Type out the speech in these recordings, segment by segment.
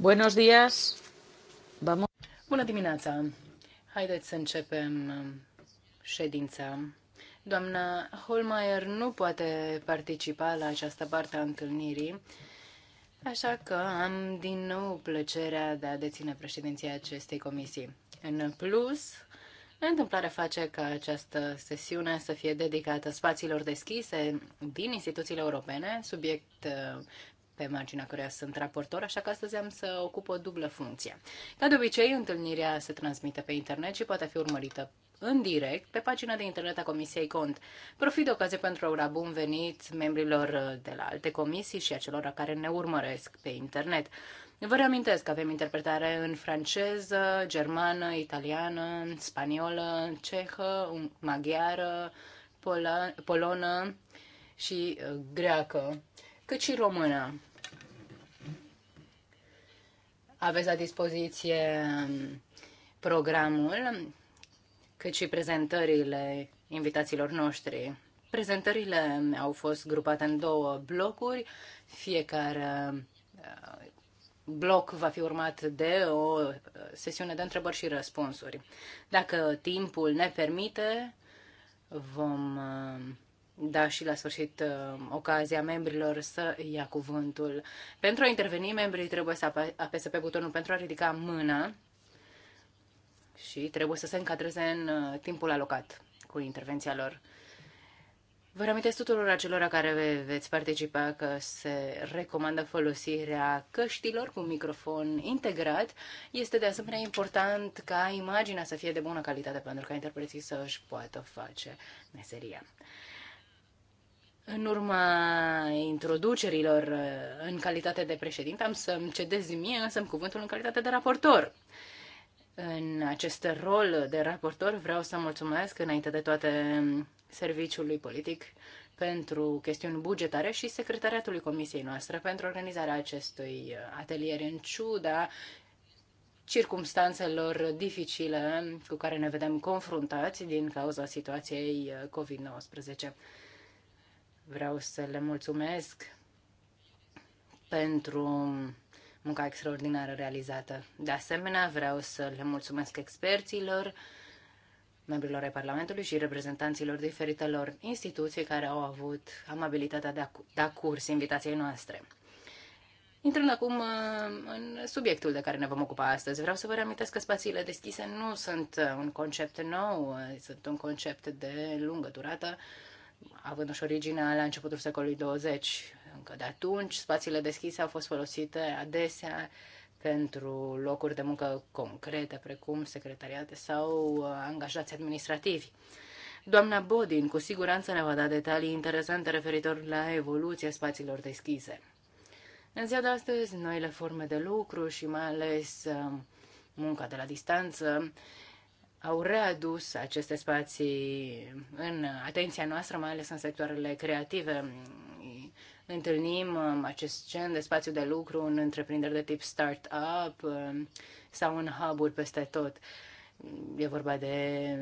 Buenos días. Vamos. Bună dimineața. Haideți să începem um, ședința. Doamna Holmeier nu poate participa la această parte a întâlnirii, așa că am din nou plăcerea de a deține președinția acestei comisii. În plus, Întâmplarea face ca această sesiune să fie dedicată spațiilor deschise din instituțiile europene, subiect uh, pe marginea căreia sunt raportor, așa că astăzi am să ocup o dublă funcție. Ca de obicei, întâlnirea se transmite pe internet și poate fi urmărită în direct pe pagina de internet a Comisiei Cont. Profit de ocazie pentru a ura bun venit membrilor de la alte comisii și acelora care ne urmăresc pe internet. Vă reamintesc că avem interpretare în franceză, germană, italiană, spaniolă, cehă, maghiară, polonă și uh, greacă, cât și română. Aveți la dispoziție um, programul, cât și prezentările invitațiilor noștri. Prezentările au fost grupate în două blocuri, fiecare um, bloc va fi urmat de o uh, sesiune de întrebări și răspunsuri. Dacă timpul ne permite, vom um, da și la sfârșit uh, ocazia membrilor să ia cuvântul. Pentru a interveni, membrii trebuie să apese pe butonul pentru a ridica mâna și trebuie să se încadreze în uh, timpul alocat cu intervenția lor. Vă reamintesc tuturor acelora care veți participa că se recomandă folosirea căștilor cu microfon integrat. Este de asemenea important ca imaginea să fie de bună calitate pentru ca interpreții să își poată face meseria. În urma introducerilor uh, în calitate de președinte, am să-mi cedez mie însă cuvântul în calitate de raportor. În acest rol de raportor vreau să mulțumesc înainte de toate serviciului politic pentru chestiuni bugetare și secretariatului comisiei noastre pentru organizarea acestui uh, atelier în ciuda circumstanțelor dificile cu care ne vedem confruntați din cauza situației uh, COVID-19. Vreau să le mulțumesc pentru munca extraordinară realizată. De asemenea, vreau să le mulțumesc experților, membrilor ai Parlamentului și reprezentanților diferitelor instituții care au avut amabilitatea de a da curs invitației noastre. Intrând acum uh, în subiectul de care ne vom ocupa astăzi, vreau să vă reamintesc că spațiile deschise nu sunt uh, un concept nou, uh, sunt un concept de lungă durată având și originea la începutul secolului 20. Încă de atunci, spațiile deschise au fost folosite adesea pentru locuri de muncă concrete, precum secretariate sau uh, angajați administrativi. Doamna Bodin cu siguranță ne va da detalii interesante referitor la evoluția spațiilor deschise. În ziua de astăzi, noile forme de lucru și mai ales uh, munca de la distanță au readus aceste spații în atenția noastră, mai ales în sectoarele creative. Întâlnim um, acest gen de spațiu de lucru în întreprinderi de tip start-up um, sau în hub-uri peste tot. E vorba de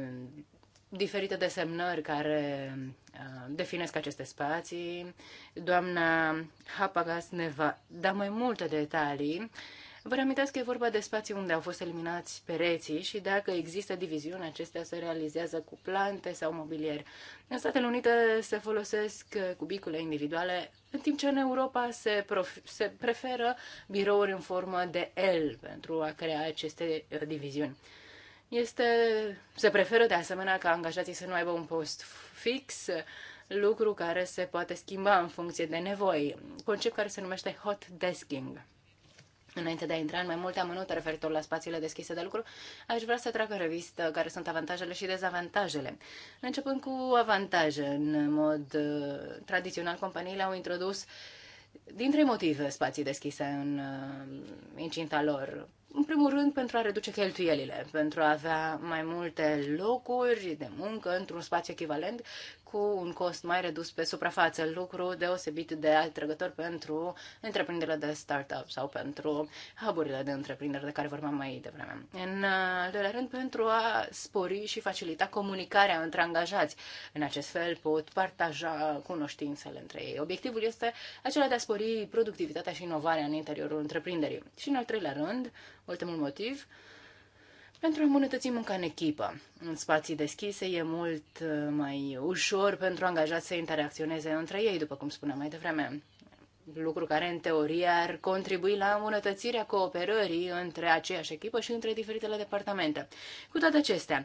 diferite desemnări care uh, definesc aceste spații. Doamna Hapagas ne va da mai multe detalii Vă reamintesc că e vorba de spații unde au fost eliminați pereții și dacă există diviziune, acestea se realizează cu plante sau mobilier. În Statele Unite se folosesc uh, cubicule individuale, în timp ce în Europa se, prof- se preferă birouri în formă de L pentru a crea aceste uh, diviziuni. Este, se preferă de asemenea ca angajații să nu aibă un post fix, lucru care se poate schimba în funcție de nevoi, concept care se numește hot desking. Înainte de a intra în mai multe amănunte referitor la spațiile deschise de lucru, aș vrea să trag în revistă care sunt avantajele și dezavantajele. Începând cu avantaje, în mod uh, tradițional companiile au introdus din trei motive spații deschise în uh, incinta lor. În primul rând, pentru a reduce cheltuielile, pentru a avea mai multe locuri de muncă într-un spațiu echivalent, cu un cost mai redus pe suprafață, lucru deosebit de atrăgător pentru întreprinderile de startup sau pentru hub-urile de întreprinderi de care vorbeam mai devreme. În uh, al doilea rând, pentru a spori și facilita comunicarea între angajați. În acest fel pot partaja cunoștințele între ei. Obiectivul este acela de a spori productivitatea și inovarea în interiorul întreprinderii. Și în al treilea rând, ultimul motiv, pentru a îmbunătăți munca în echipă. În spații deschise e mult uh, mai ușor pentru angajați să interacționeze între ei, după cum spuneam mai devreme. Lucru care, în teorie, ar contribui la îmbunătățirea cooperării între aceeași echipă și între diferitele departamente. Cu toate acestea,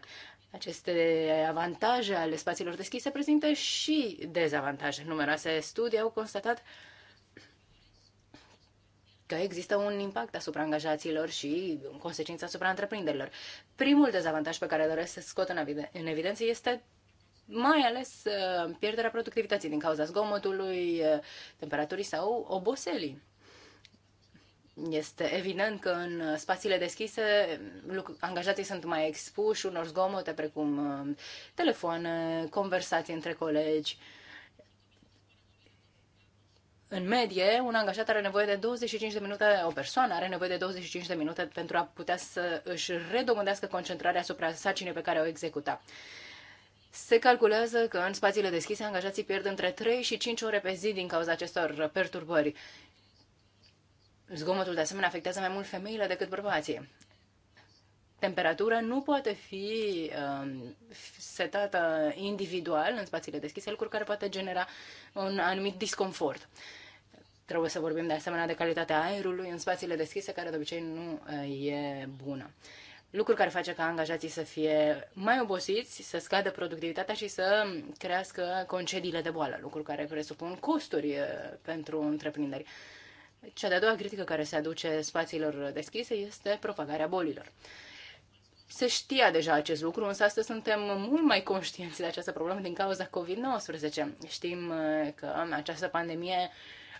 aceste avantaje ale spațiilor deschise prezintă și dezavantaje. Numeroase studii au constatat că există un impact asupra angajaților și, în consecință, asupra întreprinderilor. Primul dezavantaj pe care doresc să scot în, eviden- în evidență este mai ales uh, pierderea productivității din cauza zgomotului, uh, temperaturii sau oboselii. Este evident că în spațiile deschise um, angajații sunt mai expuși unor zgomote precum uh, telefoane, conversații între colegi, în medie, un angajat are nevoie de 25 de minute, o persoană are nevoie de 25 de minute pentru a putea să își redobândească concentrarea asupra sarcinii pe care o executa. Se calculează că în spațiile deschise angajații pierd între 3 și 5 ore pe zi din cauza acestor perturbări. Zgomotul de asemenea afectează mai mult femeile decât bărbații. Temperatura nu poate fi uh, setată individual în spațiile deschise, lucru care poate genera un anumit disconfort. Uh, Trebuie să vorbim de asemenea de calitatea aerului în spațiile deschise, care de obicei nu e bună. Lucru care face ca angajații să fie mai obosiți, să scadă productivitatea și să crească concediile de boală, lucru care presupun costuri pentru întreprinderi. Cea de-a doua critică care se aduce spațiilor deschise este propagarea bolilor. Se știa deja acest lucru, însă astăzi suntem mult mai conștienți de această problemă din cauza COVID-19. Știm că această pandemie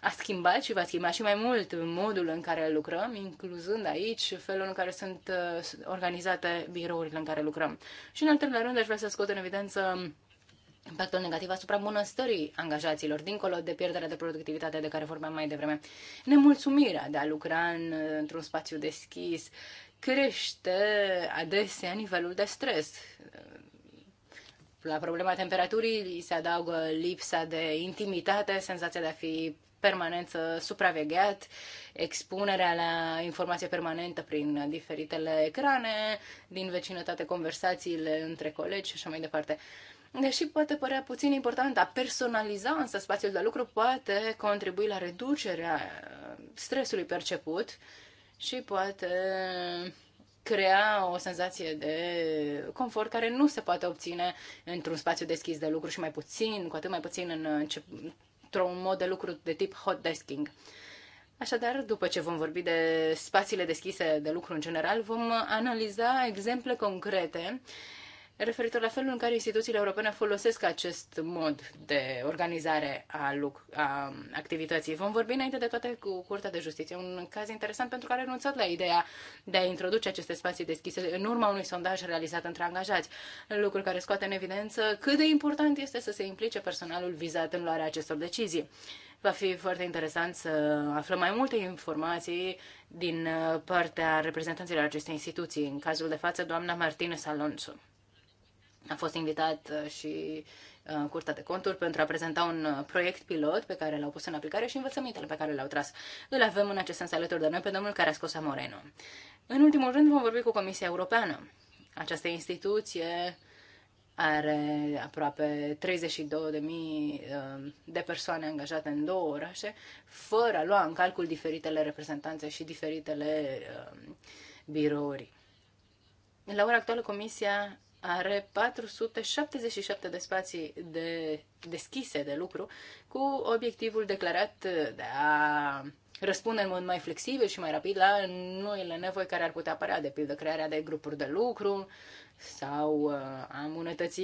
a schimbat și va schimba și mai mult modul în care lucrăm, incluzând aici felul în care sunt uh, organizate birourile în care lucrăm. Și în al treilea rând aș vrea să scot în evidență impactul negativ asupra bunăstării angajaților, dincolo de pierderea de productivitate de care vorbeam mai devreme. Nemulțumirea de a lucra în, uh, într-un spațiu deschis crește adesea nivelul de stres. La problema temperaturii se adaugă lipsa de intimitate, senzația de a fi permanență supravegheat, expunerea la informație permanentă prin diferitele ecrane, din vecinătate conversațiile între colegi și așa mai departe. Deși poate părea puțin important, a personaliza însă spațiul de lucru poate contribui la reducerea uh, stresului perceput și poate uh, crea o senzație de confort care nu se poate obține într-un spațiu deschis de lucru și mai puțin, cu atât mai puțin în uh, într-un mod de lucru de tip hot desking. Așadar, după ce vom vorbi de spațiile deschise de lucru în general, vom analiza exemple concrete referitor la felul în care instituțiile europene folosesc acest mod de organizare a, luc- a activității. Vom vorbi înainte de toate cu Curtea de Justiție, un caz interesant pentru că a renunțat la ideea de a introduce aceste spații deschise în urma unui sondaj realizat între angajați, lucru care scoate în evidență cât de important este să se implice personalul vizat în luarea acestor decizii. Va fi foarte interesant să aflăm mai multe informații din uh, partea reprezentanților acestei instituții, în cazul de față doamna Martina Salonso. A fost invitat uh, și în uh, Curtea de Conturi pentru a prezenta un uh, proiect pilot pe care l-au pus în aplicare și învățămintele pe care le-au tras. Îl avem în acest sens alături de noi pe domnul scos Moreno. În ultimul rând vom vorbi cu Comisia Europeană. Această instituție are aproape 32.000 de persoane angajate în două orașe, fără a lua în calcul diferitele reprezentanțe și diferitele birouri. La ora actuală, Comisia are 477 de spații de, deschise de lucru cu obiectivul declarat de a răspunde în mod mai flexibil și mai rapid la noile nevoi care ar putea apărea, de pildă crearea de grupuri de lucru sau uh, a îmbunătăți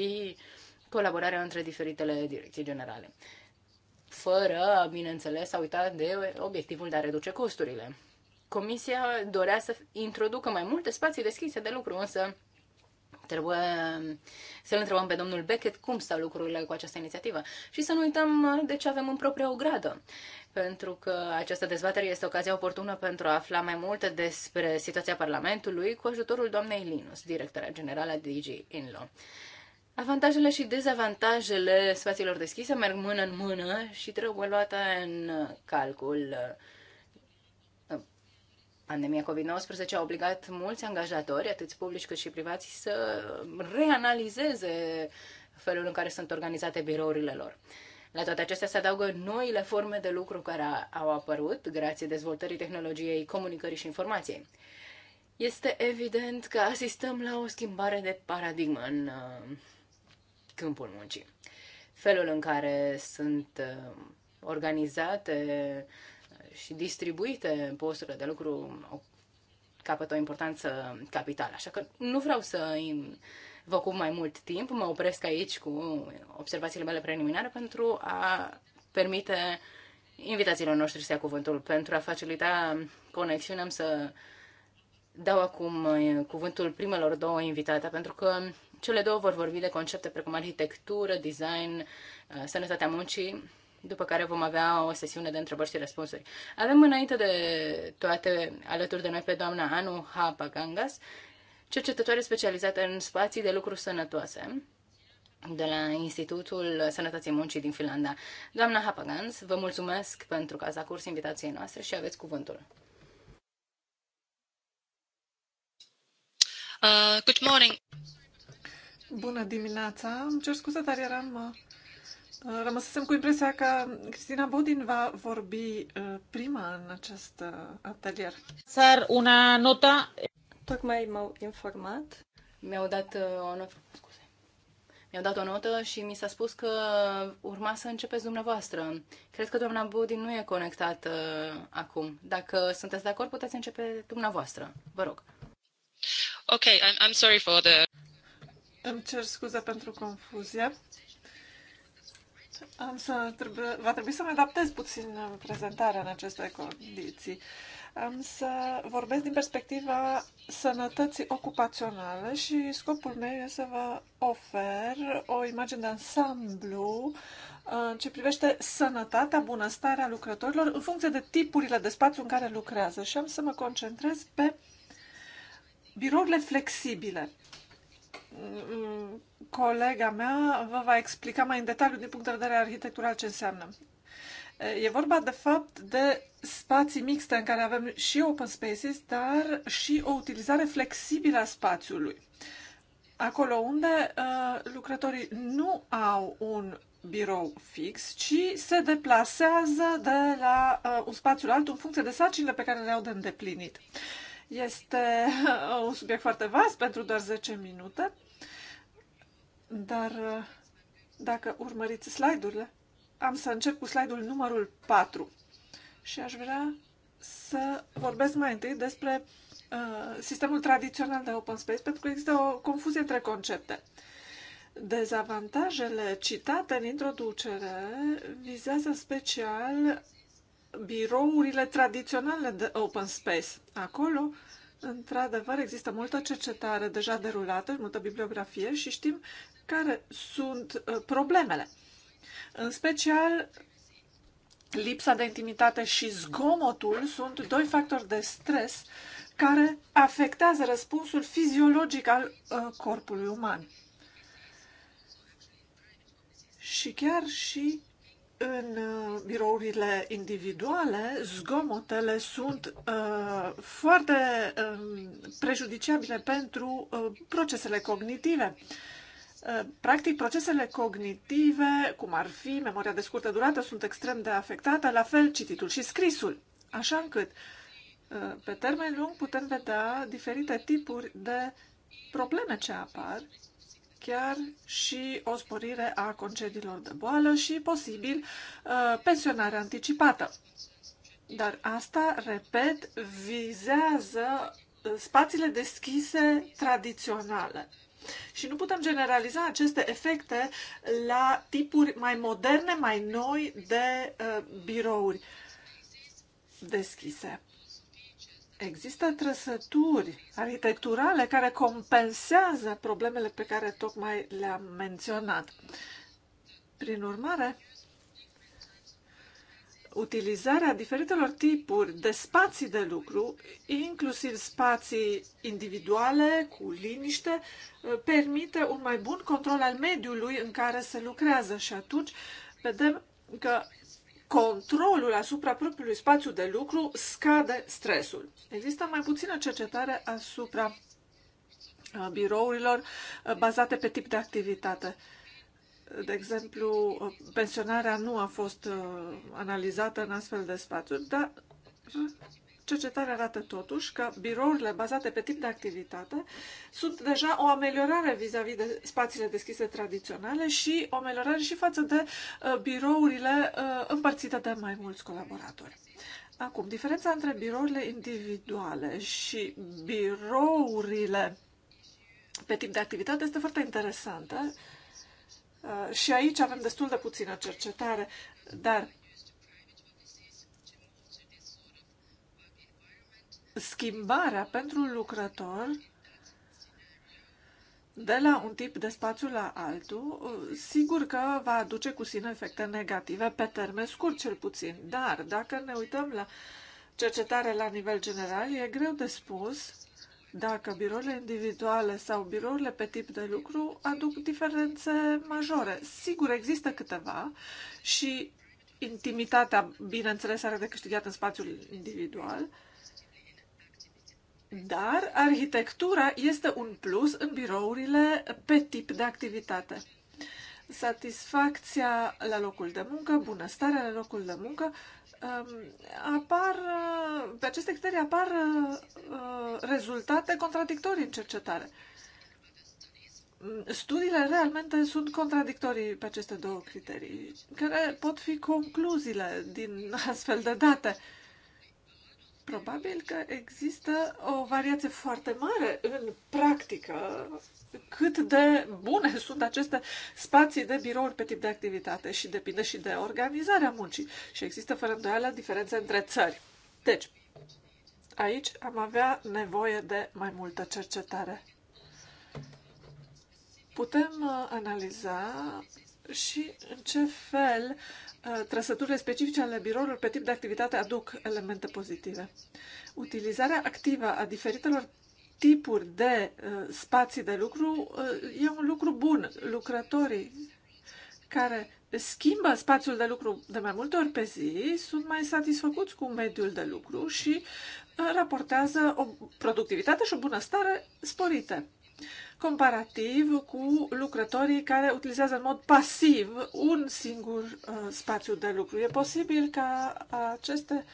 colaborarea între diferitele direcții generale. Fără, bineînțeles, a uitat de obiectivul de a reduce costurile. Comisia dorea să introducă mai multe spații deschise de lucru, însă Trebuie um, să-l întrebăm pe domnul Beckett cum stau lucrurile cu această inițiativă și să nu uităm uh, de ce avem în propria ogradă, pentru că această dezbatere este ocazia oportună pentru a afla mai multe despre situația Parlamentului cu ajutorul doamnei Linus, directora generală a DG Inlo. Avantajele și dezavantajele spațiilor deschise merg mână în mână și trebuie luate în calcul uh, Pandemia COVID-19 a obligat mulți angajatori, atât publici cât și privați, să reanalizeze felul în care sunt organizate birourile lor. La toate acestea se adaugă noile forme de lucru care au apărut grație dezvoltării tehnologiei comunicării și informației. Este evident că asistăm la o schimbare de paradigmă în uh, câmpul muncii. Felul în care sunt uh, organizate și distribuite posturile de lucru capătă o importanță capitală. Așa că nu vreau să vă ocup mai mult timp, mă opresc aici cu observațiile mele preliminare pentru a permite invitațiilor noștri să ia cuvântul. Pentru a facilita conexiunea am să dau acum eh, cuvântul primelor două invitate, pentru că cele două vor vorbi de concepte precum arhitectură, design, eh, sănătatea muncii, după care vom avea o sesiune de întrebări și răspunsuri. Avem înainte de toate alături de noi pe doamna Anu Hapagangas, cercetătoare specializată în spații de lucru sănătoase de la Institutul Sănătății Muncii din Finlanda. Doamna Hapagans, vă mulțumesc pentru că ați acurs invitației noastre și aveți cuvântul. Uh, good morning! Bună dimineața! Îmi cer scuze, dar eram uh, Uh, rămăsesem cu impresia că Cristina Bodin va vorbi uh, prima în acest uh, atelier. Sar una nota. Tocmai m-au informat, mi-au dat o notă, scuze, mi-au dat o notă și mi s-a spus că urma să începeți dumneavoastră. Cred că doamna Bodin nu e conectată acum. Dacă sunteți de acord, puteți începe dumneavoastră. Vă rog. Ok, I'm, I'm sorry for the... Îmi cer scuze pentru confuzie. Am să trebuie, va trebui să-mi adaptez puțin uh, prezentarea în aceste condiții. Am să vorbesc din perspectiva sănătății ocupaționale și scopul meu este să vă ofer o imagine de ansamblu uh, ce privește sănătatea, bunăstarea lucrătorilor în funcție de tipurile de spațiu în care lucrează. Și am să mă concentrez pe birourile flexibile colega mea vă va explica mai în detaliu din punct de vedere arhitectural ce înseamnă. E vorba, de fapt, de spații mixte în care avem și open spaces, dar și o utilizare flexibilă a spațiului. Acolo unde uh, lucrătorii nu au un birou fix, ci se deplasează de la uh, un spațiu la altul în funcție de sarcinile pe care le au de îndeplinit. Uh, este un subiect foarte vast pentru doar 10 minute, dar uh, dacă urmăriți slide-urile, am să încep cu slide-ul numărul 4 și aș vrea să vorbesc mai întâi despre uh, sistemul tradițional de open space, pentru că există o confuzie între concepte. Dezavantajele citate în introducere vizează special birourile tradiționale de open space. Acolo, într-adevăr, există multă cercetare deja derulată, multă bibliografie și știm care sunt uh, problemele. În special, lipsa de intimitate și zgomotul sunt doi factori de stres care afectează răspunsul fiziologic al uh, corpului uman. Și chiar și în uh, birourile individuale, zgomotele sunt uh, foarte uh, prejudiciabile pentru uh, procesele cognitive. Uh, practic, procesele cognitive, cum ar fi memoria de scurtă durată, sunt extrem de afectate, la fel cititul și scrisul. Așa încât, uh, pe termen lung, putem vedea diferite tipuri de probleme ce apar chiar și o sporire a concediilor de boală și, posibil, uh, pensionare anticipată. Dar asta, repet, vizează uh, spațiile deschise tradiționale. Și nu putem generaliza aceste efecte la tipuri mai moderne, mai noi de uh, birouri deschise. Există trăsături arhitecturale care compensează problemele pe care tocmai le-am menționat. Prin urmare, utilizarea diferitelor tipuri de spații de lucru, inclusiv spații individuale, cu liniște, permite un mai bun control al mediului în care se lucrează și atunci vedem că controlul asupra propriului spațiu de lucru scade stresul. Există mai puțină cercetare asupra uh, birourilor uh, bazate pe tip de activitate. De exemplu, uh, pensionarea nu a fost analizată în astfel de spațiu, dar Cercetarea arată totuși că birourile bazate pe tip de activitate sunt deja o ameliorare vis-a-vis -vis de spațiile deschise tradiționale și o ameliorare și față de uh, birourile uh, împărțite de mai mulți colaboratori. Acum, diferența între birourile individuale și birourile pe tip de activitate este foarte interesantă uh, și aici avem destul de puțină cercetare, dar schimbarea pentru lucrător de la un tip de spațiu la altul, sigur că va aduce cu sine efecte negative pe termen scurt cel puțin. Dar dacă ne uităm la cercetare la nivel general, e greu de spus dacă birourile individuale sau birourile pe tip de lucru aduc diferențe majore. Sigur, există câteva și intimitatea, bineînțeles, are de câștigat în spațiul individual, dar arhitectura este un plus în birourile pe tip de activitate. Satisfacția la locul de muncă, bunăstarea la locul de muncă, um, apar, pe aceste criterii apar uh, rezultate contradictorii în cercetare. Studiile realmente sunt contradictorii pe aceste două criterii. Care pot fi concluziile din astfel de date? Uh, Probabil că există o variație foarte mare în practică cât de bune sunt aceste spații de birouri pe tip de activitate și depinde și de organizarea muncii. Și există fără îndoială diferențe între țări. Deci, aici am avea nevoie de mai multă cercetare. Putem uh, analiza și în ce fel Uh, trăsăturile specifice ale birourilor pe tip de activitate aduc elemente pozitive. Utilizarea activă a diferitelor tipuri de uh, spații de lucru uh, e un lucru bun. Lucrătorii care schimbă spațiul de lucru de mai multe ori pe zi sunt mai satisfăcuți cu mediul de lucru și uh, raportează o productivitate și o bunăstare sporite. Uh, comparativ cu lucrătorii care utilizează în mod pasiv un singur uh, spațiu de lucru. E posibil ca aceste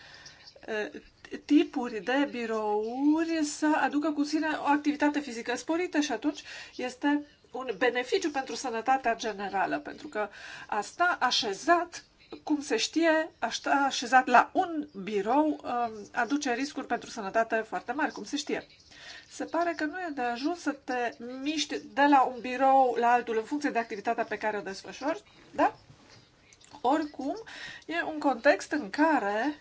uh, tipuri de birouri să aducă cu sine o activitate fizică sporită și atunci este un beneficiu pentru sănătatea generală, pentru că asta așezat cum se știe, așezat la un birou uh, aduce riscuri pentru sănătate foarte mari, cum se știe. Se pare că nu e de ajuns să te miști de la un birou la altul în funcție de activitatea pe care o desfășori, da? Oricum, e un context în care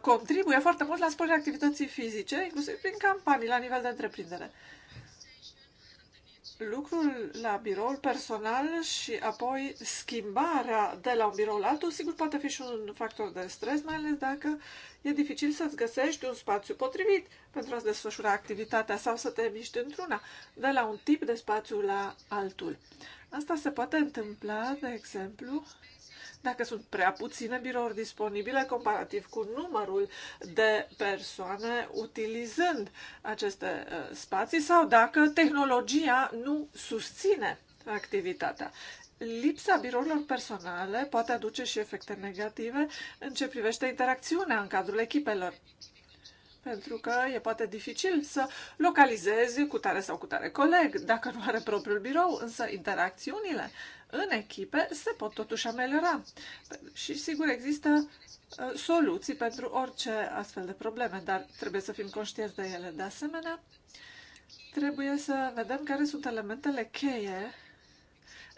contribuie foarte mult la sporirea activității fizice, inclusiv prin campanii la nivel de întreprindere lucrul la biroul personal și apoi schimbarea de la un birou la altul, sigur, poate fi și un factor de stres, mai ales dacă e dificil să-ți găsești un spațiu potrivit pentru a-ți desfășura activitatea sau să te miști într-una, de la un tip de spațiu la altul. Asta se poate întâmpla, de exemplu, dacă sunt prea puține birouri disponibile comparativ cu numărul de persoane utilizând aceste uh, spații sau dacă tehnologia nu susține activitatea. Lipsa birourilor personale poate aduce și efecte negative în ce privește interacțiunea în cadrul echipelor pentru că e poate dificil să localizezi cu tare sau cu tare coleg dacă nu are propriul birou, însă interacțiunile în echipe se pot totuși ameliora. Și sigur există uh, soluții pentru orice astfel de probleme, dar trebuie să fim conștienți de ele. De asemenea, trebuie să vedem care sunt elementele cheie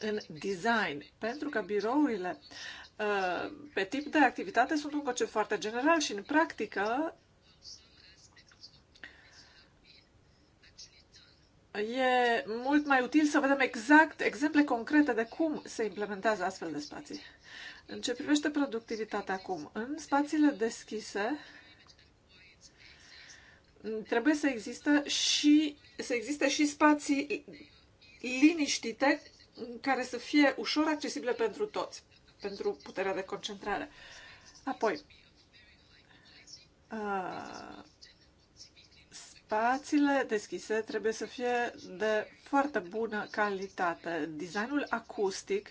în design, pentru că birourile uh, pe tip de activitate sunt un concept foarte general și în practică e mult mai util să vedem exact exemple concrete de cum se implementează astfel de spații. În ce privește productivitatea acum, în spațiile deschise trebuie să existe și, să existe și spații liniștite care să fie ușor accesibile pentru toți, pentru puterea de concentrare. Apoi, uh, Spațiile deschise trebuie să fie de foarte bună calitate. Designul acustic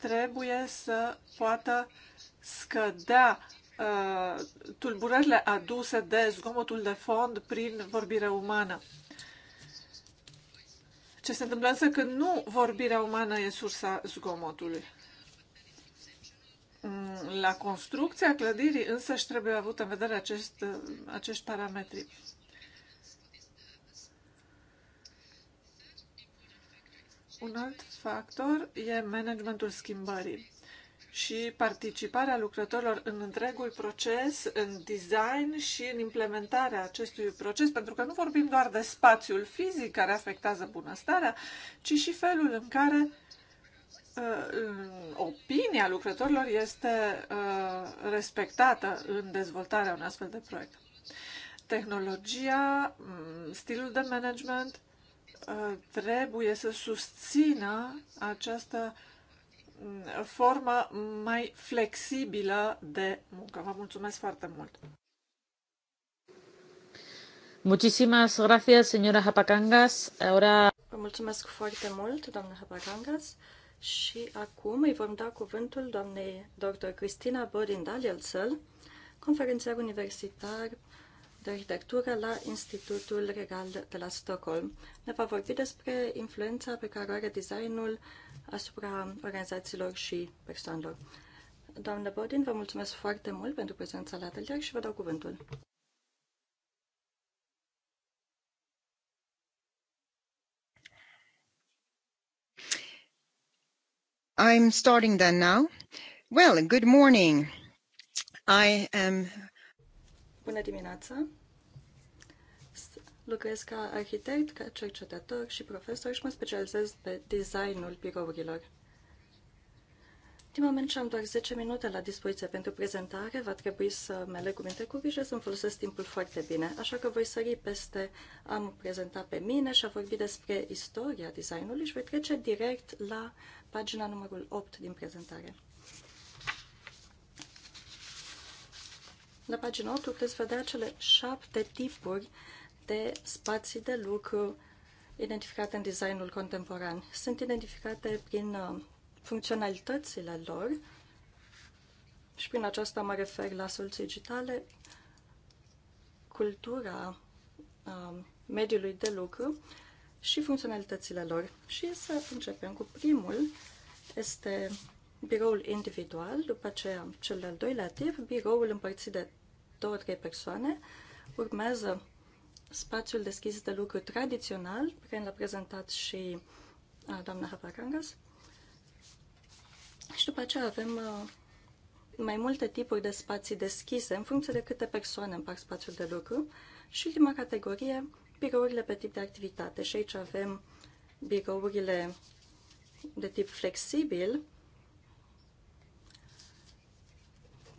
trebuie să poată scădea uh, tulburările aduse de zgomotul de fond prin vorbire umană. Ce se întâmplă însă când nu vorbirea umană e sursa zgomotului? Mm, la construcția clădirii însă și trebuie avut în vedere acest, uh, acești parametri. Un alt factor e managementul schimbării și participarea lucrătorilor în întregul proces, în design și în implementarea acestui proces, pentru că nu vorbim doar de spațiul fizic care afectează bunăstarea, ci și felul în care uh, opinia lucrătorilor este uh, respectată în dezvoltarea unui astfel de proiect. Tehnologia, mm, stilul de management, Uh, trebuie să susțină această mm, formă mai flexibilă de muncă. Vă mulțumesc foarte mult! Muchísimas gracias, señora Hapacangas. Ahora... Vă mulțumesc foarte mult, doamna Hapacangas. Și acum îi vom da cuvântul doamnei dr. Cristina Borindal, Dalielțăl, conferențiar universitar de arhitectură la Institutul Regal de la Stockholm. Ne va vorbi despre influența pe care o are designul asupra organizațiilor și persoanelor. Doamnă Bodin, vă mulțumesc foarte mult pentru prezența la atelier și vă dau cuvântul. I'm starting then now. Well, good morning. I am Bună dimineața! Lucrez ca arhitect, ca cercetător și profesor și mă specializez pe designul birourilor. Din moment ce am doar 10 minute la dispoziție pentru prezentare, va trebui să mă leg cu minte cu grijă să-mi folosesc timpul foarte bine, așa că voi sări peste am prezentat pe mine și a vorbit despre istoria designului și voi trece direct la pagina numărul 8 din prezentare. La pagina 8 puteți vedea cele șapte tipuri de spații de lucru identificate în designul contemporan. Sunt identificate prin uh, funcționalitățile lor și prin aceasta mă refer la soluții digitale, cultura uh, mediului de lucru și funcționalitățile lor. Și să începem cu primul, este biroul individual, după aceea cel de-al doilea tip, biroul împărțit de două, trei persoane. Urmează spațiul deschis de lucru tradițional, pe care l-a prezentat și doamna Havarangas. Și după aceea avem mai multe tipuri de spații deschise, în funcție de câte persoane împar spațiul de lucru. Și ultima categorie, birourile pe tip de activitate. Și aici avem birourile de tip flexibil,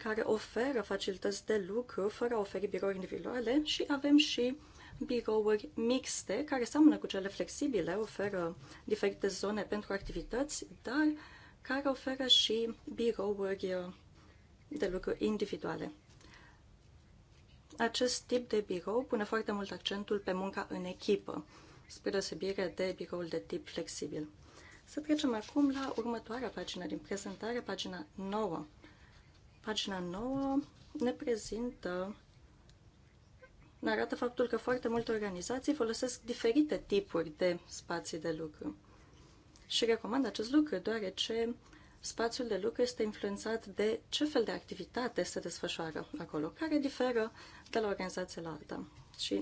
care oferă facilități de lucru fără a oferi birouri individuale și avem și birouri mixte care seamănă cu cele flexibile, oferă diferite zone pentru activități, dar care oferă și birouri uh, de lucru individuale. Acest tip de birou pune foarte mult accentul pe munca în echipă, spre deosebire de biroul de tip flexibil. Să trecem acum la următoarea pagină din prezentare, pagina 9. Pagina 9 ne prezintă ne arată faptul că foarte multe organizații folosesc diferite tipuri de spații de lucru. Și recomand acest lucru deoarece spațiul de lucru este influențat de ce fel de activitate se desfășoară acolo, care diferă de la organizație la alta și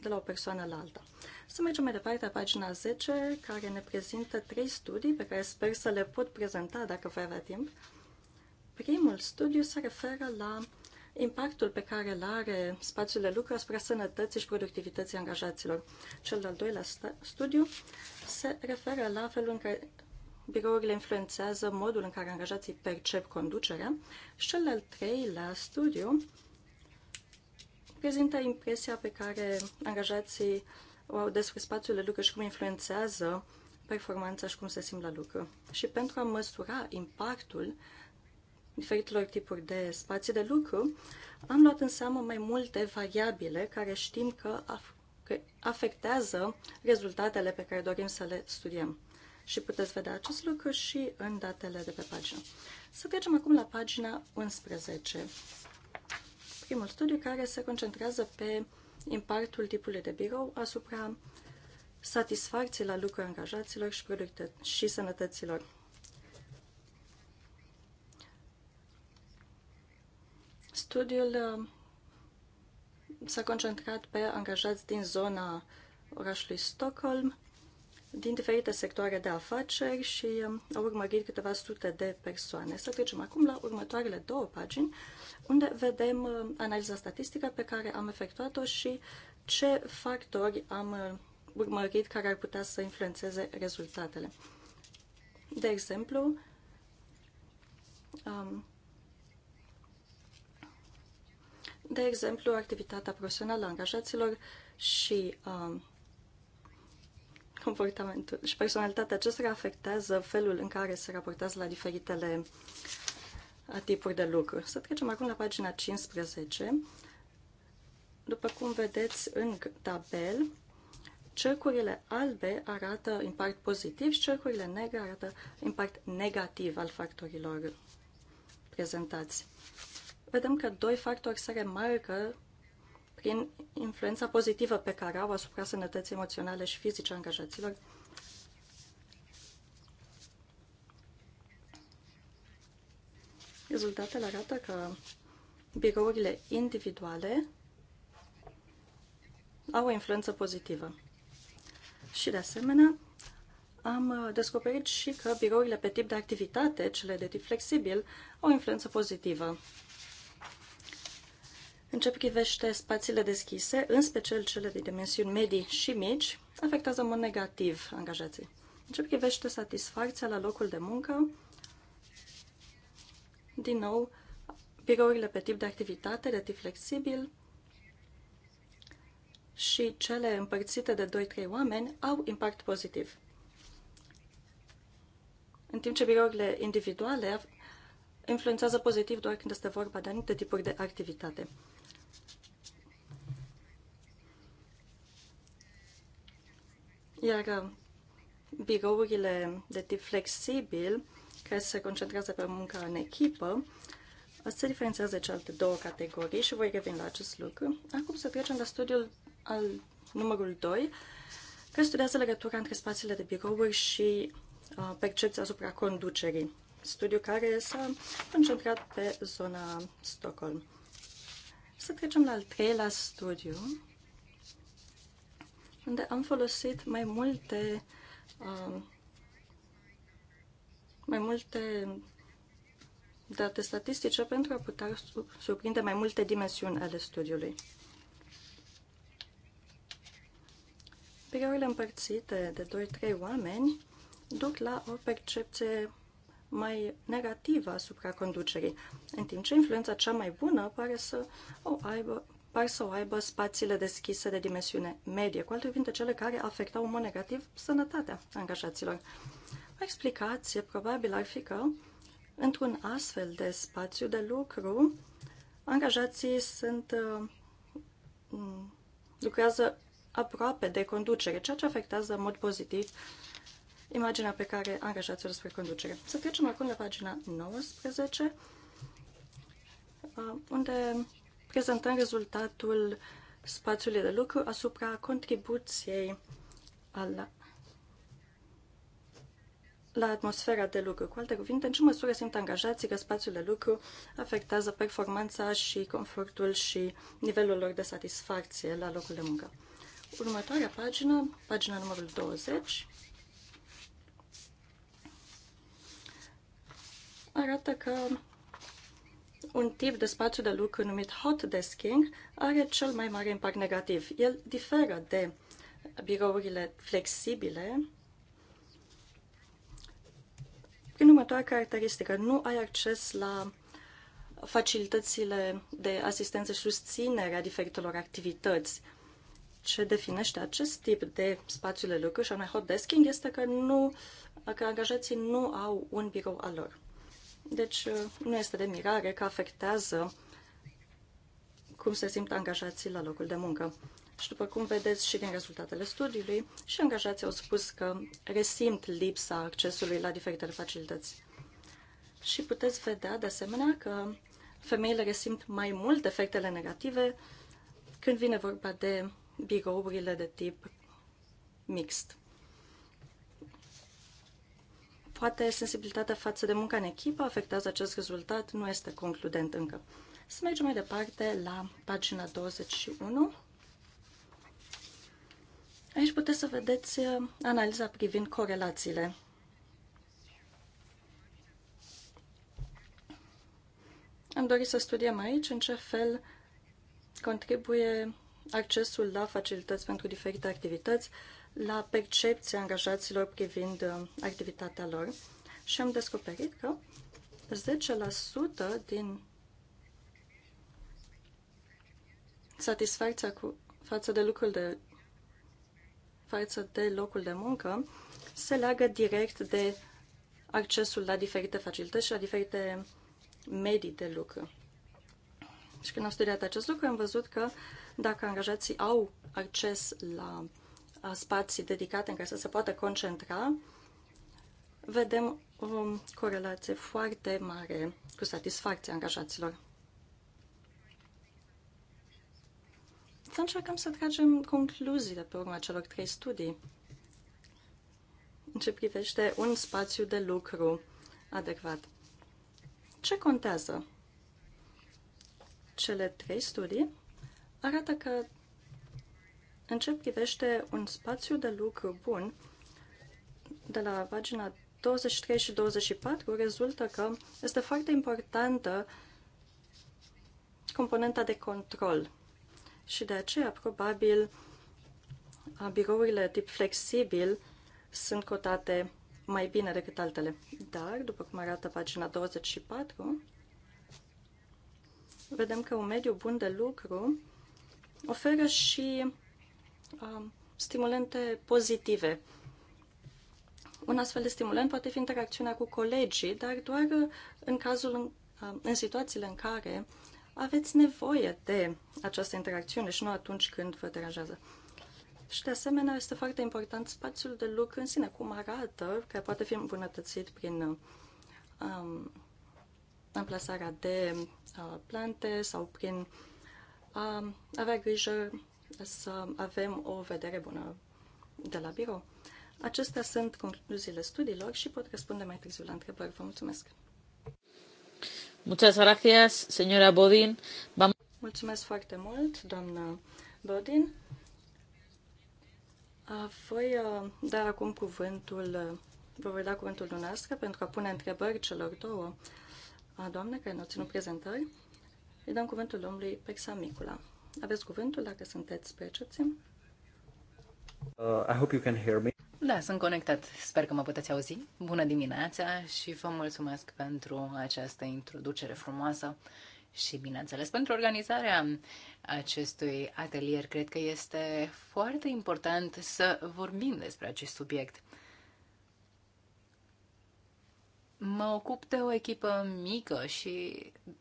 de la o persoană la alta. Să mergem mai departe la pagina 10, care ne prezintă trei studii pe care sper să le pot prezenta dacă voi avea timp. Primul studiu se referă la impactul pe care îl are spațiul de lucru asupra sănătății și productivității angajaților. Cel de-al doilea studiu se referă la felul în care birourile influențează modul în care angajații percep conducerea și cel de-al treilea studiu prezintă impresia pe care angajații o au despre spațiul de lucru și cum influențează performanța și cum se simt la lucru. Și pentru a măsura impactul diferitelor tipuri de spații de lucru, am luat în seamă mai multe variabile care știm că, af- că afectează rezultatele pe care dorim să le studiem. Și puteți vedea acest lucru și în datele de pe pagină. Să trecem acum la pagina 11. Primul studiu care se concentrează pe impactul tipului de birou asupra satisfacției la lucru angajaților și, și sănătăților. Studiul uh, s-a concentrat pe angajați din zona orașului Stockholm, din diferite sectoare de afaceri și uh, au urmărit câteva sute de persoane. Să trecem acum la următoarele două pagini, unde vedem uh, analiza statistică pe care am efectuat-o și ce factori am urmărit care ar putea să influențeze rezultatele. De exemplu, um, de exemplu, activitatea profesională a angajaților și um, comportamentul și personalitatea acestora afectează felul în care se raportează la diferitele uh, tipuri de lucru. Să trecem acum la pagina 15. După cum vedeți în tabel, cercurile albe arată impact pozitiv și cercurile negre arată impact negativ al factorilor prezentați vedem că doi factori se remarcă prin influența pozitivă pe care au asupra sănătății emoționale și fizice a angajaților. Rezultatele arată că birourile individuale au o influență pozitivă. Și de asemenea, am descoperit și că birourile pe tip de activitate, cele de tip flexibil, au o influență pozitivă în ce privește spațiile deschise, în special cele de dimensiuni medii și mici, afectează în mod negativ angajații. În ce privește satisfacția la locul de muncă, din nou, birourile pe tip de activitate, de tip flexibil și cele împărțite de 2-3 oameni au impact pozitiv. În timp ce birourile individuale influențează pozitiv doar când este vorba de anumite tipuri de activitate. Iar uh, birourile de tip flexibil, care se concentrează pe munca în echipă, uh, se diferențează de celelalte două categorii și voi reveni la acest lucru. Acum să trecem la studiul al numărul 2, care studiază legătura între spațiile de birouri și uh, percepția asupra conducerii. Studiu care s-a concentrat pe zona Stockholm. Să trecem la al treilea studiu, unde am folosit mai multe uh, mai multe date statistice pentru a putea surprinde mai multe dimensiuni ale studiului. Birourile împărțite de 2-3 oameni duc la o percepție mai negativă asupra conducerii, în timp ce influența cea mai bună pare să o aibă par să o aibă spațiile deschise de dimensiune medie, cu alte cuvinte cele care afectau în mod negativ sănătatea angajaților. O explicație probabil ar fi că într-un astfel de spațiu de lucru, angajații sunt uh, lucrează aproape de conducere, ceea ce afectează în mod pozitiv imaginea pe care angajații o despre conducere. Să trecem acum la pagina 19, uh, unde prezentăm rezultatul spațiului de lucru asupra contribuției la, la atmosfera de lucru. Cu alte cuvinte, în ce măsură sunt angajații că spațiul de lucru afectează performanța și confortul și nivelul lor de satisfacție la locul de muncă. Următoarea pagină, pagina numărul 20, arată că un tip de spațiu de lucru numit hot desking are cel mai mare impact negativ. El diferă de birourile flexibile prin următoarea caracteristică. Nu ai acces la facilitățile de asistență și susținere a diferitelor activități. Ce definește acest tip de spațiu de lucru și anume hot desking este că, nu, că angajații nu au un birou al lor. Deci uh, nu este de mirare că afectează cum se simt angajații la locul de muncă. Și după cum vedeți și din rezultatele studiului, și angajații au spus că resimt lipsa accesului la diferitele facilități. Și puteți vedea, de asemenea, că femeile resimt mai mult efectele negative când vine vorba de birourile de tip mixt. Poate sensibilitatea față de munca în echipă afectează acest rezultat, nu este concludent încă. Să mergem mai departe la pagina 21. Aici puteți să vedeți uh, analiza privind corelațiile. Am dorit să studiem aici în ce fel contribuie accesul la facilități pentru diferite activități la percepția angajaților privind uh, activitatea lor și am descoperit că 10% din satisfacția cu, față de lucrul de față de locul de muncă se leagă direct de accesul la diferite facilități și la diferite medii de lucru. Și când am studiat acest lucru, am văzut că dacă angajații au acces la spații dedicate în care să se poată concentra, vedem o corelație foarte mare cu satisfacția angajaților. Să încercăm să tragem concluziile pe urma celor trei studii în ce privește un spațiu de lucru adecvat. Ce contează? Cele trei studii arată că în ce privește un spațiu de lucru bun, de la pagina 23 și 24 rezultă că este foarte importantă componenta de control și de aceea probabil birourile tip flexibil sunt cotate mai bine decât altele. Dar, după cum arată pagina 24, vedem că un mediu bun de lucru oferă și stimulente pozitive. Un astfel de stimulant poate fi interacțiunea cu colegii, dar doar în cazul, în situațiile în care aveți nevoie de această interacțiune și nu atunci când vă deranjează. Și de asemenea este foarte important spațiul de lucru în sine, cum arată, care poate fi îmbunătățit prin um, amplasarea de uh, plante sau prin a avea grijă să avem o vedere bună de la birou. Acestea sunt concluziile studiilor și pot răspunde mai târziu la întrebări. Vă mulțumesc! Muchas gracias, señora Bodin. mulțumesc foarte mult, doamna Bodin. Voi da acum cuvântul, vă voi da cuvântul dumneavoastră pentru a pune întrebări celor două doamne care ne-au ținut prezentări. Îi dăm cuvântul domnului Pexa Micula. Aveți cuvântul dacă sunteți pe Uh, I hope you can hear me. Da, sunt conectat. Sper că mă puteți auzi. Bună dimineața și vă mulțumesc pentru această introducere frumoasă și, bineînțeles, pentru organizarea acestui atelier. Cred că este foarte important să vorbim despre acest subiect mă ocup de o echipă mică și,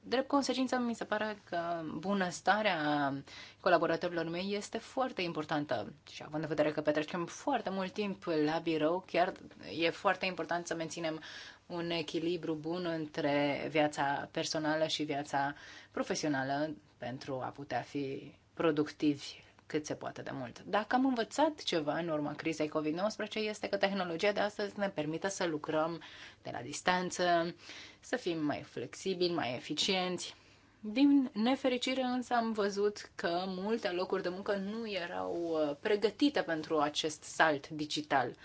drept consecință, mi se pare că bunăstarea colaboratorilor mei este foarte importantă. Și având în vedere că petrecem foarte mult timp la birou, chiar e foarte important să menținem un echilibru bun între viața personală și viața profesională pentru a putea fi productivi cât se poate de mult. Dacă am învățat ceva în urma crizei COVID-19 este că tehnologia de astăzi ne permite să lucrăm de la distanță, să fim mai flexibili, mai eficienți. Din nefericire însă am văzut că multe locuri de muncă nu erau uh, pregătite pentru acest salt digital.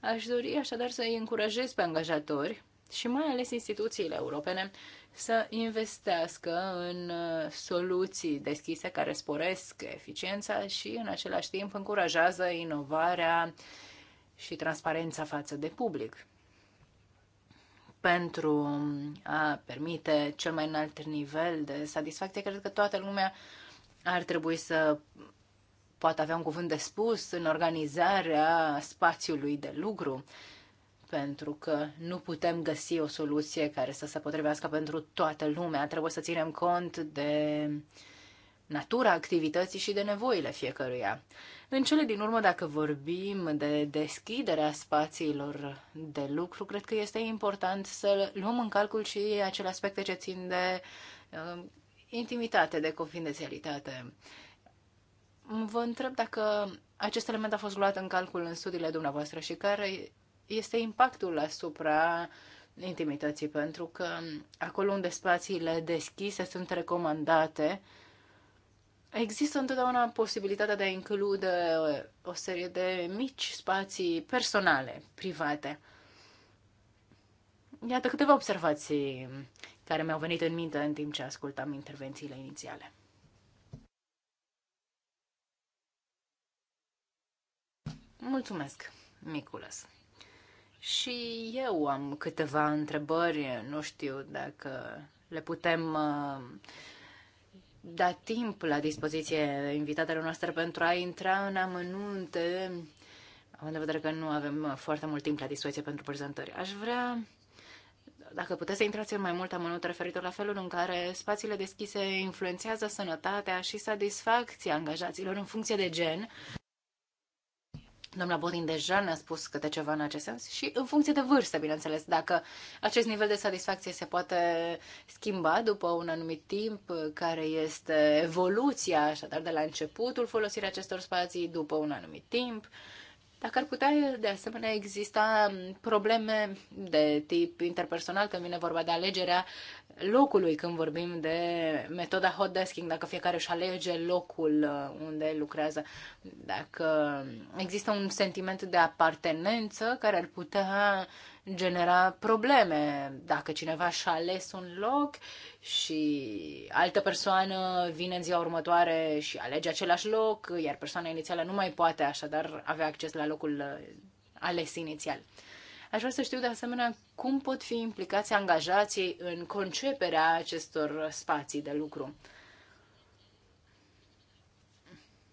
Aș dori așadar să îi încurajez pe angajatori și mai ales instituțiile europene să investească în uh, soluții deschise care sporesc eficiența și în același timp încurajează inovarea și transparența față de public pentru a permite cel mai înalt nivel de satisfacție. Cred că toată lumea ar trebui să poată avea un cuvânt de spus în organizarea spațiului de lucru pentru că nu putem găsi o soluție care să se potrivească pentru toată lumea. Trebuie să ținem cont de natura activității și de nevoile fiecăruia. În cele din urmă, dacă vorbim de deschiderea spațiilor de lucru, cred că este important să luăm în calcul și acele aspecte ce țin de uh, intimitate, de confidențialitate. Vă întreb dacă acest element a fost luat în calcul în studiile dumneavoastră și care este impactul asupra intimității, pentru că acolo unde spațiile deschise sunt recomandate, există întotdeauna posibilitatea de a include o serie de mici spații personale, private. Iată câteva observații care mi-au venit în minte în timp ce ascultam intervențiile inițiale. Mulțumesc, Miculas. Și eu am câteva întrebări, nu știu dacă le putem uh, da timp la dispoziție invitatelor noastre pentru a intra în amănunte, având în vedere că nu avem uh, foarte mult timp la dispoziție pentru prezentări. Aș vrea dacă puteți să intrați în mai mult amănunte referitor la felul în care spațiile deschise influențează sănătatea și satisfacția angajaților în funcție de gen, Doamna Bodin deja ne-a spus câte ceva în acest sens și în funcție de vârstă, bineînțeles, dacă acest nivel de satisfacție se poate schimba după un anumit timp, care este evoluția, așadar, de la începutul folosirii acestor spații, după un anumit timp. Uh, dacă ar putea, de asemenea, exista probleme de tip interpersonal când vine vorba de alegerea locului, când vorbim de metoda hot desking, dacă fiecare își alege locul uh, unde lucrează, dacă există un sentiment de apartenență care ar putea genera probleme. Dacă cineva și-a ales un loc și altă persoană vine în ziua următoare și alege același loc, iar persoana inițială nu mai poate așadar avea acces la locul uh, ales inițial. Aș vrea să știu de asemenea cum pot fi implicați angajații în conceperea acestor spații de lucru.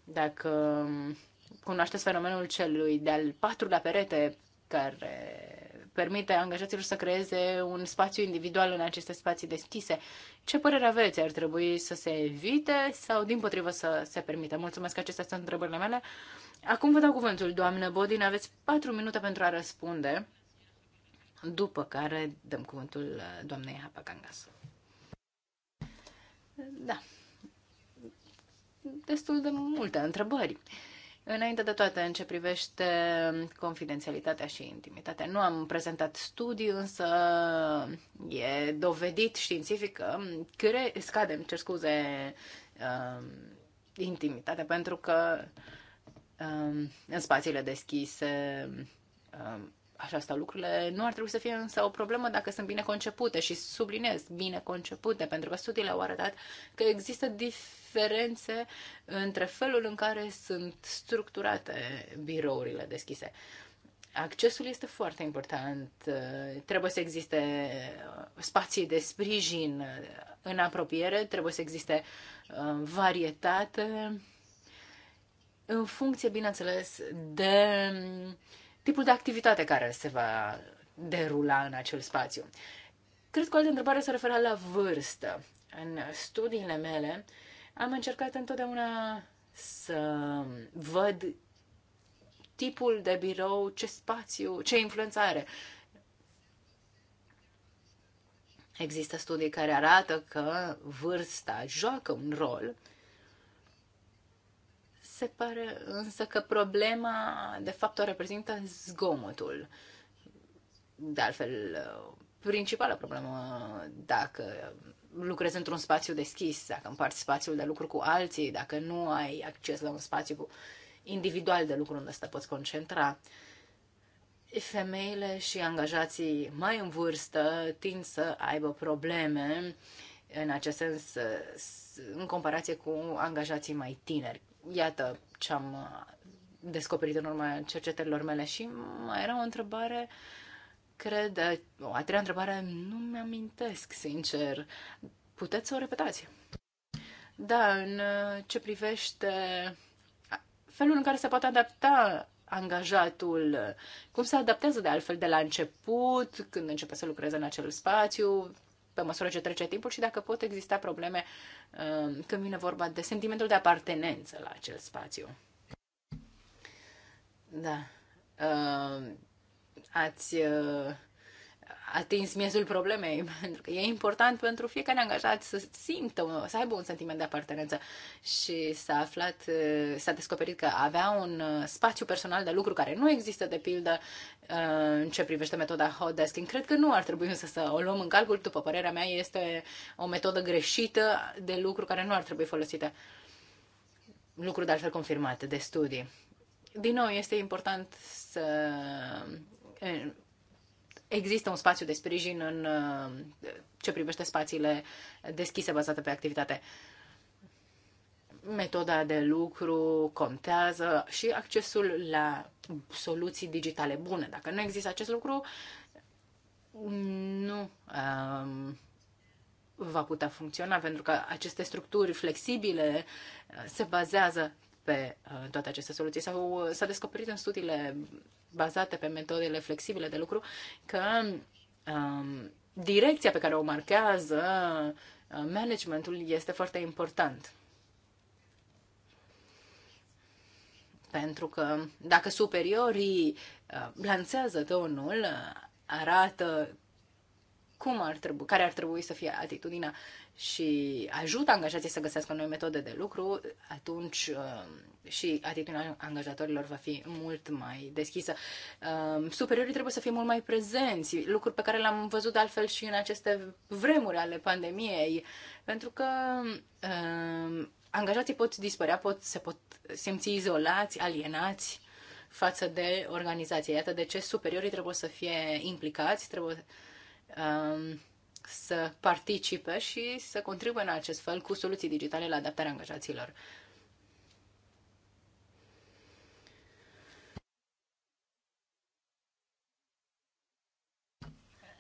Dacă um, cunoașteți fenomenul celui de-al patrulea perete care permite angajaților să creeze un spațiu individual în aceste spații deschise. Ce părere aveți? Ar trebui să se evite sau din potrivă să se permită? Mulțumesc că acestea sunt întrebările mele. Acum vă dau cuvântul, doamnă Bodin, aveți patru minute pentru a răspunde, după care dăm cuvântul uh, doamnei Hapagangas. Da. Destul de multe întrebări. Uh, Înainte de toate, în ce privește confidențialitatea și intimitatea, nu am prezentat studii, însă e dovedit științific că cre- scadem, cer scuze, uh, intimitatea, pentru că uh, în spațiile deschise uh, Așa stau lucrurile. Nu ar trebui să fie însă o problemă dacă sunt bine concepute și subliniez bine concepute, pentru că studiile au arătat că există diferențe între felul în care sunt structurate birourile deschise. Accesul este foarte important. Trebuie să existe spații de sprijin în apropiere, trebuie să existe uh, varietate în funcție, bineînțeles, de uh, tipul de activitate care se va derula în acel spațiu. Cred că o altă întrebare se referă la vârstă. În studiile mele am încercat întotdeauna să văd tipul de birou, ce spațiu, ce influențare. Există studii care arată că vârsta joacă un rol se pare însă că problema, de fapt, o reprezintă zgomotul. De altfel, principala problemă dacă lucrezi într-un spațiu deschis, dacă împarți spațiul de lucru cu alții, dacă nu ai acces la un spațiu individual de lucru unde să te poți concentra. Femeile și angajații mai în vârstă tind să aibă probleme în acest sens în comparație cu angajații mai tineri. Iată ce am uh, descoperit în urma cercetărilor mele. Și mai era o întrebare, cred, uh, o a treia întrebare, nu mi-amintesc, sincer. Puteți să o repetați? Da, în uh, ce privește felul în care se poate adapta angajatul, cum se adaptează de altfel de la început, când începe să lucreze în acel spațiu, pe măsură ce trece timpul și dacă pot exista probleme uh, când vine vorba de sentimentul de apartenență la acel spațiu. Da. Uh, ați uh, atins miezul problemei, pentru că e important pentru fiecare angajat să simtă, să aibă un sentiment de apartenență și s-a aflat, eh, s-a descoperit că avea un eh, spațiu personal de lucru care nu există, de pildă, eh, în ce privește metoda hot desking. Cred că nu ar trebui însă să o luăm în calcul, după părerea mea, este o metodă greșită de lucru care nu ar trebui folosită. Lucru de altfel confirmat de studii. Din nou, este important să există un spațiu de sprijin în uh, ce privește spațiile deschise bazate pe activitate. Metoda de lucru contează și accesul la soluții digitale bune. Dacă nu există acest lucru, nu um, va putea funcționa, pentru că aceste structuri flexibile uh, se bazează pe uh, toate aceste soluții. Sau s-a descoperit în studiile bazate pe metodele flexibile de lucru că um, direcția pe care o marchează uh, managementul este foarte important. Pentru că dacă superiorii uh, lansează tonul, arată cum ar trebui, care ar trebui să fie atitudinea și ajută angajații să găsească noi metode de lucru, atunci um, și atitudinea angajatorilor va fi mult mai deschisă. Um, superiorii trebuie să fie mult mai prezenți, lucruri pe care le-am văzut altfel și în aceste vremuri ale pandemiei, pentru că um, angajații pot dispărea, pot, se pot simți izolați, alienați față de organizație. Iată de ce superiorii trebuie să fie implicați, trebuie um, să participe și să contribuie în acest fel cu soluții digitale la adaptarea angajaților.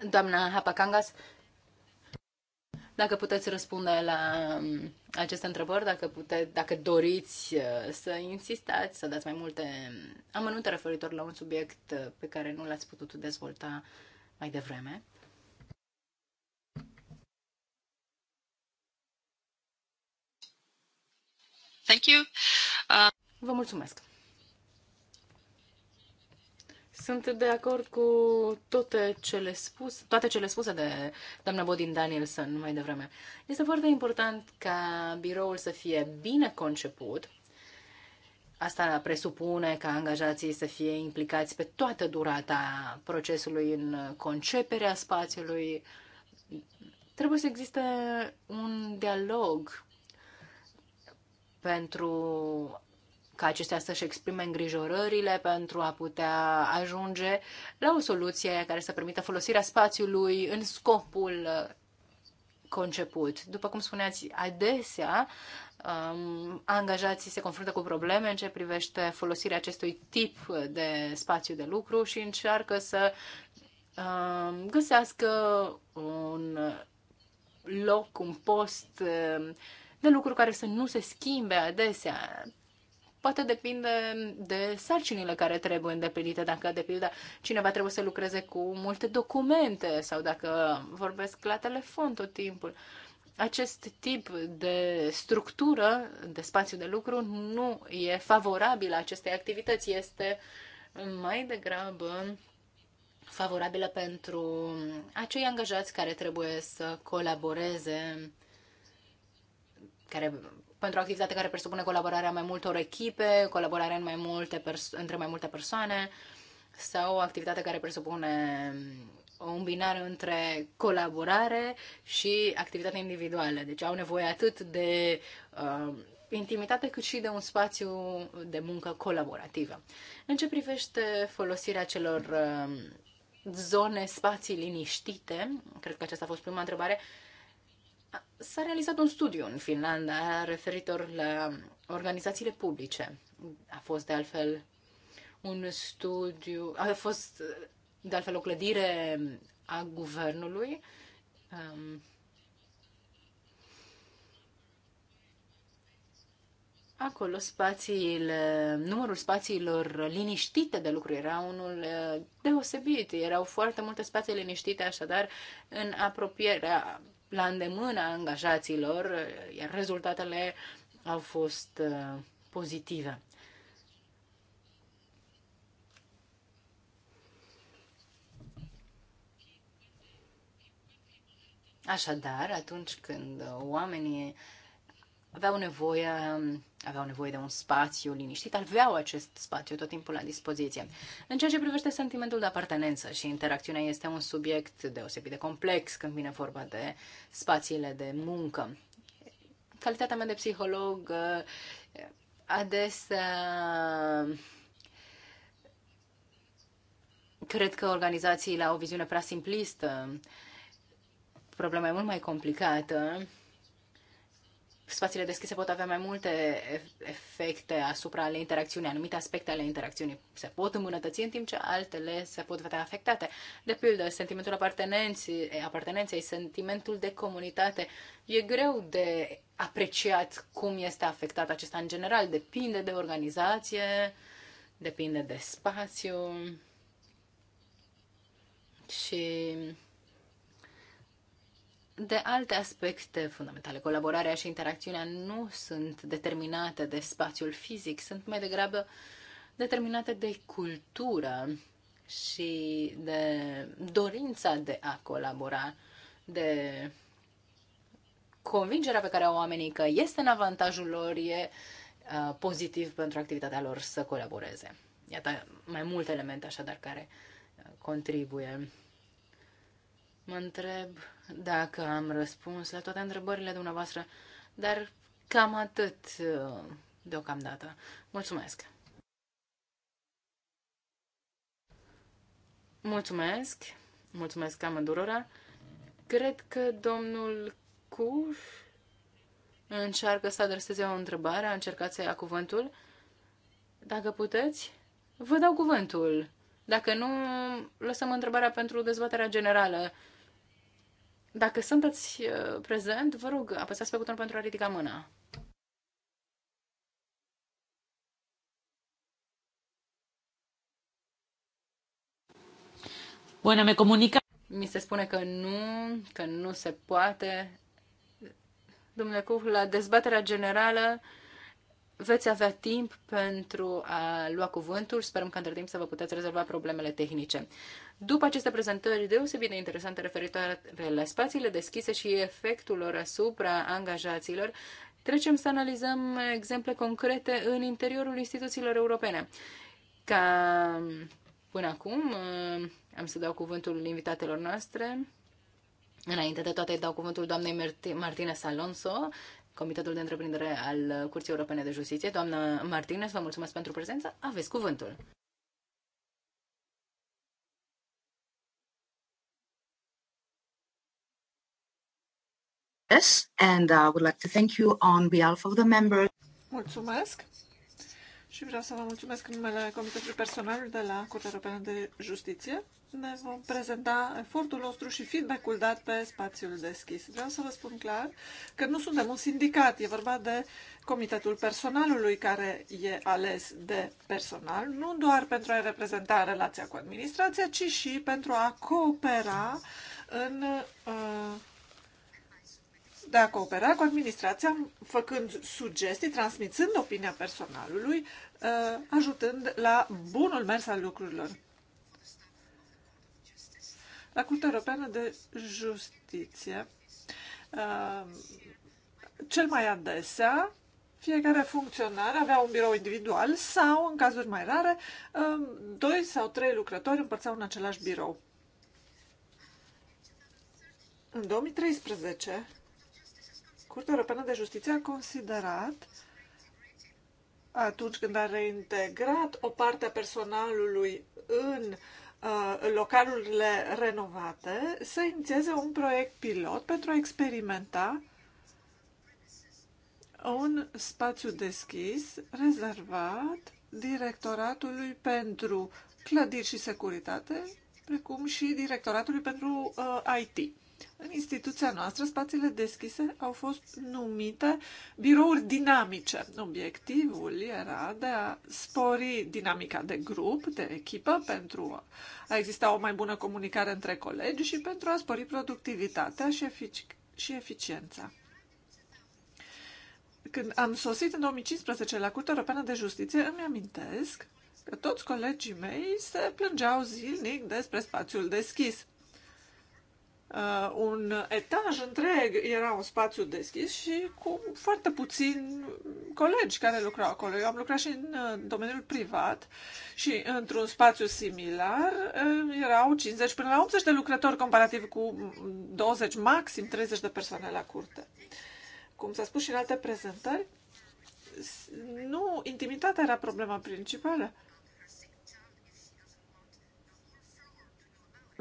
Doamna Hapakangas, dacă puteți răspunde la um, aceste întrebări, dacă, puteți, dacă doriți uh, să insistați, să dați mai multe amănunte referitor la un subiect uh, pe care nu l-ați putut dezvolta mai devreme. Thank you. Uh... Vă mulțumesc. Sunt de acord cu toate cele, spus, toate cele spuse de doamna Bodin Danielson mai devreme. Este foarte important ca biroul să fie bine conceput. Asta presupune ca angajații să fie implicați pe toată durata procesului în conceperea spațiului. Trebuie să existe un dialog pentru ca acestea să-și exprime îngrijorările pentru a putea ajunge la o soluție care să permită folosirea spațiului în scopul uh, conceput. După cum spuneați, adesea um, angajații se confruntă cu probleme în ce privește folosirea acestui tip de spațiu de lucru și încearcă să um, găsească un loc, un post um, de lucruri care să nu se schimbe adesea. Poate depinde de sarcinile care trebuie îndeplinite, dacă, de pildă, cineva trebuie să lucreze cu multe documente sau dacă vorbesc la telefon tot timpul acest tip de structură, de spațiu de lucru, nu e favorabilă acestei activități, este mai degrabă favorabilă pentru acei angajați care trebuie să colaboreze care, pentru o activitate care presupune colaborarea mai multor echipe, colaborarea în mai multe între mai multe persoane sau o activitate care presupune o îmbinare între colaborare și activitate individuală. Deci au nevoie atât de uh, intimitate cât și de un spațiu de muncă colaborativă. În ce privește folosirea celor uh, zone, spații liniștite, cred că aceasta a fost prima întrebare, uh, S-a realizat un studiu în Finlanda referitor la organizațiile publice. A fost de altfel un studiu, a fost de altfel o clădire a guvernului. Um, Acolo spațiile, numărul spațiilor liniștite de lucru era unul uh, deosebit. Erau foarte multe spații liniștite, așadar, în apropierea la îndemâna angajaților, iar rezultatele au fost uh, pozitive. Așadar, atunci când oamenii aveau nevoie, aveau nevoie de un spațiu liniștit, aveau acest spațiu tot timpul la dispoziție. În ceea ce privește sentimentul de apartenență și interacțiunea este un subiect deosebit de complex când vine vorba de spațiile de muncă. Calitatea mea de psiholog adesea cred că organizațiile au o viziune prea simplistă, problema e mult mai complicată spațiile deschise pot avea mai multe efecte asupra ale interacțiunii, anumite aspecte ale interacțiunii se pot îmbunătăți în timp ce altele se pot vedea afectate. De pildă, sentimentul apartenenței, apartenenței sentimentul de comunitate e greu de apreciat cum este afectat acesta în general. Depinde de organizație, depinde de spațiu și de alte aspecte fundamentale. Colaborarea și interacțiunea nu sunt determinate de spațiul fizic, sunt mai degrabă determinate de cultură și de dorința de a colabora, de convingerea pe care au oamenii că este în avantajul lor, e uh, pozitiv pentru activitatea lor să colaboreze. Iată mai multe elemente așadar care uh, contribuie. Mă întreb dacă am răspuns la toate întrebările dumneavoastră, dar cam atât uh, deocamdată. Mulțumesc! Mulțumesc! Mulțumesc îndurora. Cred că domnul Cuș încearcă să adreseze o întrebare, a încercat să ia cuvântul. Dacă puteți, vă dau cuvântul. Dacă nu, lăsăm întrebarea pentru dezbaterea generală. Dacă sunteți uh, prezent, vă rog, apăsați pe butonul pentru a ridica mâna. Bună, me comunica. Mi se spune că nu, că nu se poate. Domnule Cuh, la dezbaterea generală, veți avea timp pentru a lua cuvântul. Sperăm că între timp să vă puteți rezolva problemele tehnice. După aceste prezentări deosebit de interesante referitoare la spațiile deschise și efectul lor asupra angajaților, trecem să analizăm exemple concrete în interiorul instituțiilor europene. Ca până acum, am să dau cuvântul invitatelor noastre. Înainte de toate, dau cuvântul doamnei Martina Salonso, Comitetul de Întreprindere al Curții Europene de Justiție. Doamna Martinez, vă mulțumesc pentru prezență. Aveți cuvântul. Yes, and uh, I would like to thank you on behalf of the members. Mulțumesc și vreau să vă mulțumesc în numele Comitetului Personalului de la Curtea Europeană de Justiție. Ne vom prezenta efortul nostru și feedback-ul dat pe spațiul deschis. Vreau să vă spun clar că nu suntem un sindicat, e vorba de Comitetul Personalului care e ales de personal, nu doar pentru a reprezenta relația cu administrația, ci și pentru a coopera în uh, de a coopera cu administrația, făcând sugestii, transmițând opinia personalului, uh, ajutând la bunul mers al lucrurilor. La Curtea Europeană de Justiție, uh, cel mai adesea, fiecare funcționar avea un birou individual sau, în cazuri mai rare, uh, doi sau trei lucrători împărțeau în același birou. În 2013, Curtea Europeană de Justiție a considerat atunci când a reintegrat o parte a personalului în uh, localurile renovate, să inițieze un proiect pilot pentru a experimenta un spațiu deschis rezervat directoratului pentru clădiri și securitate, precum și directoratului pentru uh, IT. În instituția noastră, spațiile deschise au fost numite birouri dinamice. Obiectivul era de a spori dinamica de grup, de echipă, pentru a exista o mai bună comunicare între colegi și pentru a spori productivitatea și, efic- și eficiența. Când am sosit în 2015 la Curtea Europeană de Justiție, îmi amintesc că toți colegii mei se plângeau zilnic despre spațiul deschis uh, un etaj întreg era un spațiu deschis și cu foarte puțini colegi care lucrau acolo. Eu am lucrat și în uh, domeniul privat și într-un spațiu similar uh, erau 50 până la 80 de lucrători comparativ cu 20, maxim 30 de persoane la curte. Cum s-a spus și în alte prezentări, nu, intimitatea era problema principală. Uh,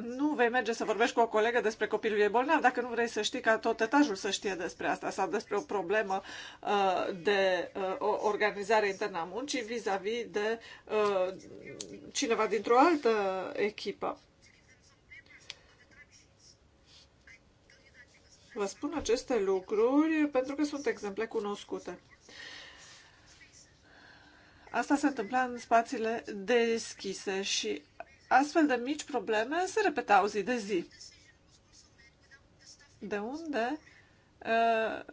nu vei merge să vorbești cu o colegă despre copilul ei bolnav dacă nu vrei să știi ca tot etajul să știe despre asta sau despre o problemă uh, de uh, organizare internă a muncii vis-a-vis -vis de uh, cineva dintr-o altă echipă. Vă spun aceste lucruri pentru că sunt exemple cunoscute. Asta se întâmpla în spațiile deschise și astfel de mici probleme se repetau zi de zi. De unde uh,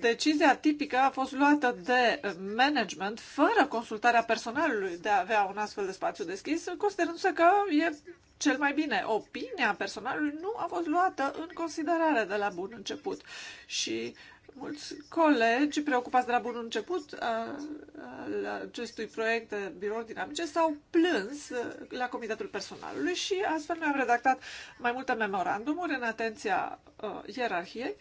decizia tipică a fost luată de management fără consultarea personalului de a avea un astfel de spațiu deschis, considerându-se că e cel mai bine. Opinia personalului nu a fost luată în considerare de la bun început și Mulți colegi preocupați de la bun început uh, al acestui proiect de birouri dinamice s-au plâns uh, la Comitetul Personalului și astfel noi am redactat mai multe memorandumuri în atenția uh, ierarhiei,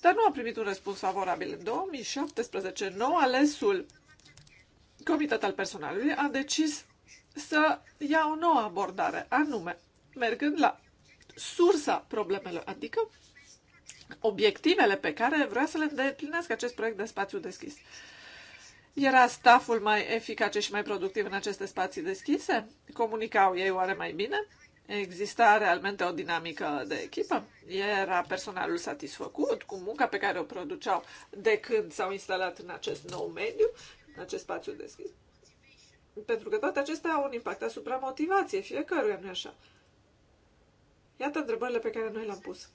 dar nu am primit un răspuns favorabil. În 2017, nou alesul Comitet al Personalului a decis să ia o nouă abordare, anume, mergând la sursa problemelor, adică obiectivele pe care vrea să le îndeplinească acest proiect de spațiu deschis. Era staful mai eficace și mai productiv în aceste spații deschise? Comunicau ei oare mai bine? Exista realmente o dinamică de echipă? Era personalul satisfăcut cu munca pe care o produceau de când s-au instalat în acest nou mediu, în acest spațiu deschis? Pentru că toate acestea au un impact asupra motivației fiecăruia, nu așa? Iată întrebările pe care noi le-am pus.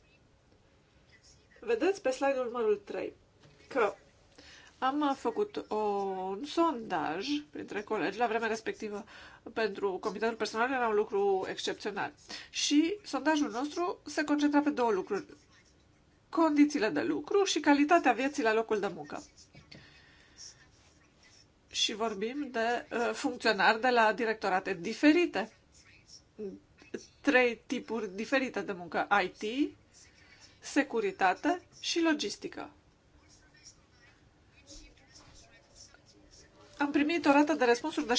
Vedeți pe slide-ul numărul 3 că am făcut o, un sondaj printre colegi la vremea respectivă pentru comitetul personal, era un lucru excepțional. Și sondajul nostru se concentra pe două lucruri. Condițiile de lucru și calitatea vieții la locul de muncă. Și vorbim de uh, funcționari de la directorate diferite. Trei tipuri diferite de muncă. IT, securitate și logistică. Am primit o rată de răspunsuri de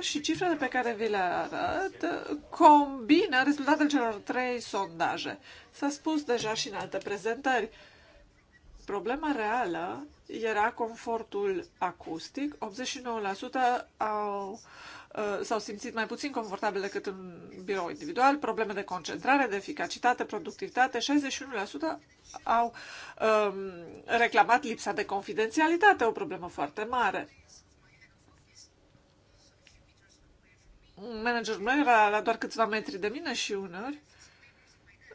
70% și cifrele pe care vi le arăt combină rezultatele celor trei sondaje. S-a spus deja și în alte prezentări Problema reală era confortul acustic. 89% au, uh, s-au simțit mai puțin confortabil decât în birou individual, probleme de concentrare, de eficacitate, productivitate. 61% au um, reclamat lipsa de confidențialitate, o problemă foarte mare. Managerul meu era la doar câțiva metri de mine și uneori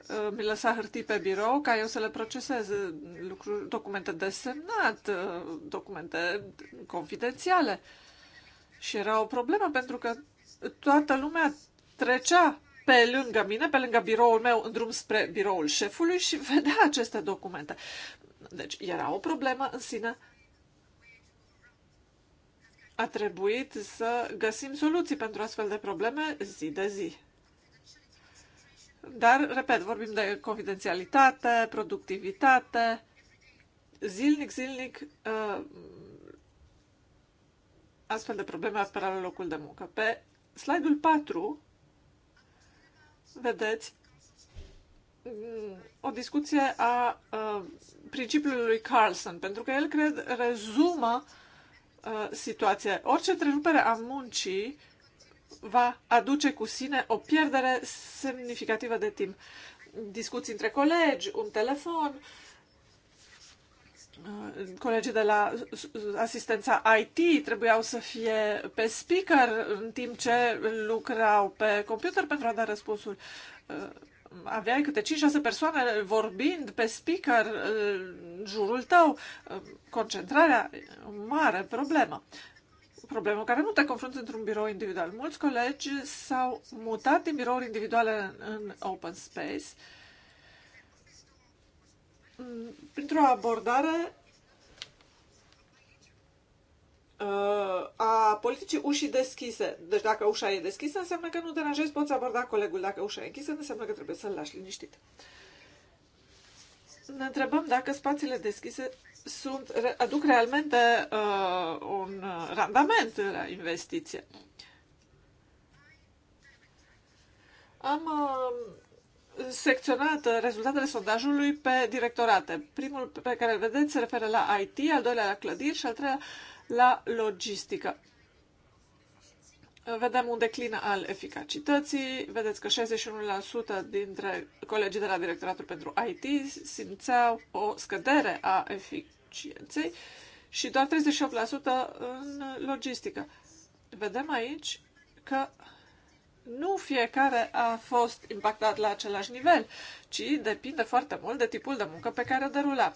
Uh, mi lăsa hârtii pe birou ca eu să le procesez, uh, lucruri, documente desemnate, uh, documente confidențiale. Și era o problemă pentru că toată lumea trecea pe lângă mine, pe lângă biroul meu, în drum spre biroul șefului și vedea aceste documente. Deci era o problemă în sine. A trebuit să găsim soluții pentru astfel de probleme zi de zi. Dar, repet, vorbim de confidențialitate, productivitate, zilnic, zilnic, uh, astfel de probleme apar la locul de muncă. Pe slide-ul 4 vedeți mm, o discuție a uh, principiului lui Carlson, pentru că el, cred, rezumă uh, situația. Orice întrerupere a muncii va aduce cu sine o pierdere semnificativă de timp. Discuții între colegi, un telefon, uh, colegii de la asistența IT trebuiau să fie pe speaker în timp ce lucrau pe computer pentru a da răspunsul. Uh, aveai câte 5-6 persoane vorbind pe speaker uh, în jurul tău. Concentrarea, mare problemă problemă care nu te confrunți într-un birou individual. Mulți colegi s-au mutat din birouri individuale în open space mm, printr-o abordare uh, a politicii ușii deschise. Deci dacă ușa e deschisă, înseamnă că nu deranjezi, poți aborda colegul. Dacă ușa e închisă, înseamnă că trebuie să-l lași liniștit. Ne întrebăm dacă spațiile deschise sunt, aduc realmente uh, un randament la investiție. Am uh, secționat rezultatele sondajului pe directorate. Primul pe care îl vedeți se referă la IT, al doilea la clădiri și al treilea la logistică vedem un declin al eficacității. Vedeți că 61% dintre colegii de la Directoratul pentru IT simțeau o scădere a eficienței și doar 38% în logistică. Vedem aici că nu fiecare a fost impactat la același nivel, ci depinde foarte mult de tipul de muncă pe care o derula.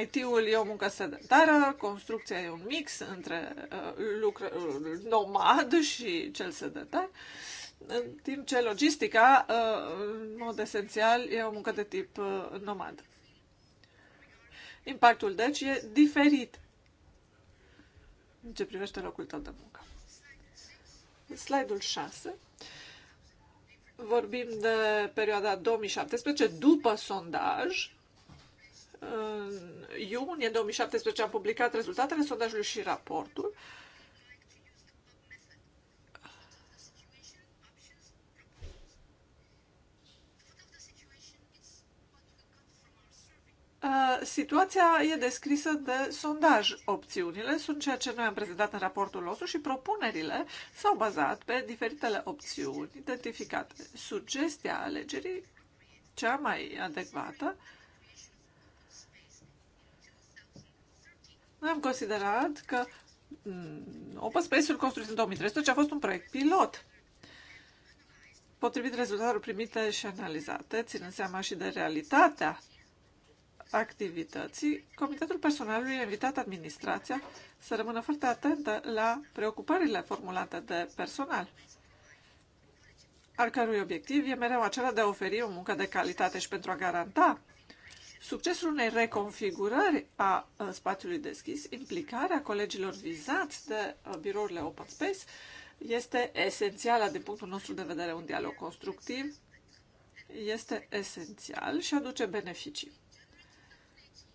IT-ul e o muncă sedentară, construcția e un mix între uh, lucr- uh, nomad și cel sedentar, în timp ce logistica, uh, în mod esențial, e o muncă de tip nomad. Impactul, deci, e diferit în ce privește locul tău de muncă. În slide-ul 6 vorbim de perioada 2017, după sondaj, în iunie 2017 am publicat rezultatele sondajului și raportul. Situația e descrisă de sondaj. Opțiunile sunt ceea ce noi am prezentat în raportul nostru și propunerile s-au bazat pe diferitele opțiuni identificate. Sugestia alegerii cea mai adecvată uh, Noi am considerat că mm, Open Space-ul construit în 2013 a fost un proiect pilot. Potrivit rezultatelor primite și analizate, ținând seama și de realitatea activității, Comitetul Personalului a invitat administrația să rămână foarte atentă la preocupările formulate de personal, al cărui obiectiv e mereu acela de a oferi o muncă de calitate și pentru a garanta Succesul unei reconfigurări a spațiului deschis, implicarea colegilor vizați de birourile Open Space, este esențială din punctul nostru de vedere. Un dialog constructiv este esențial și aduce beneficii.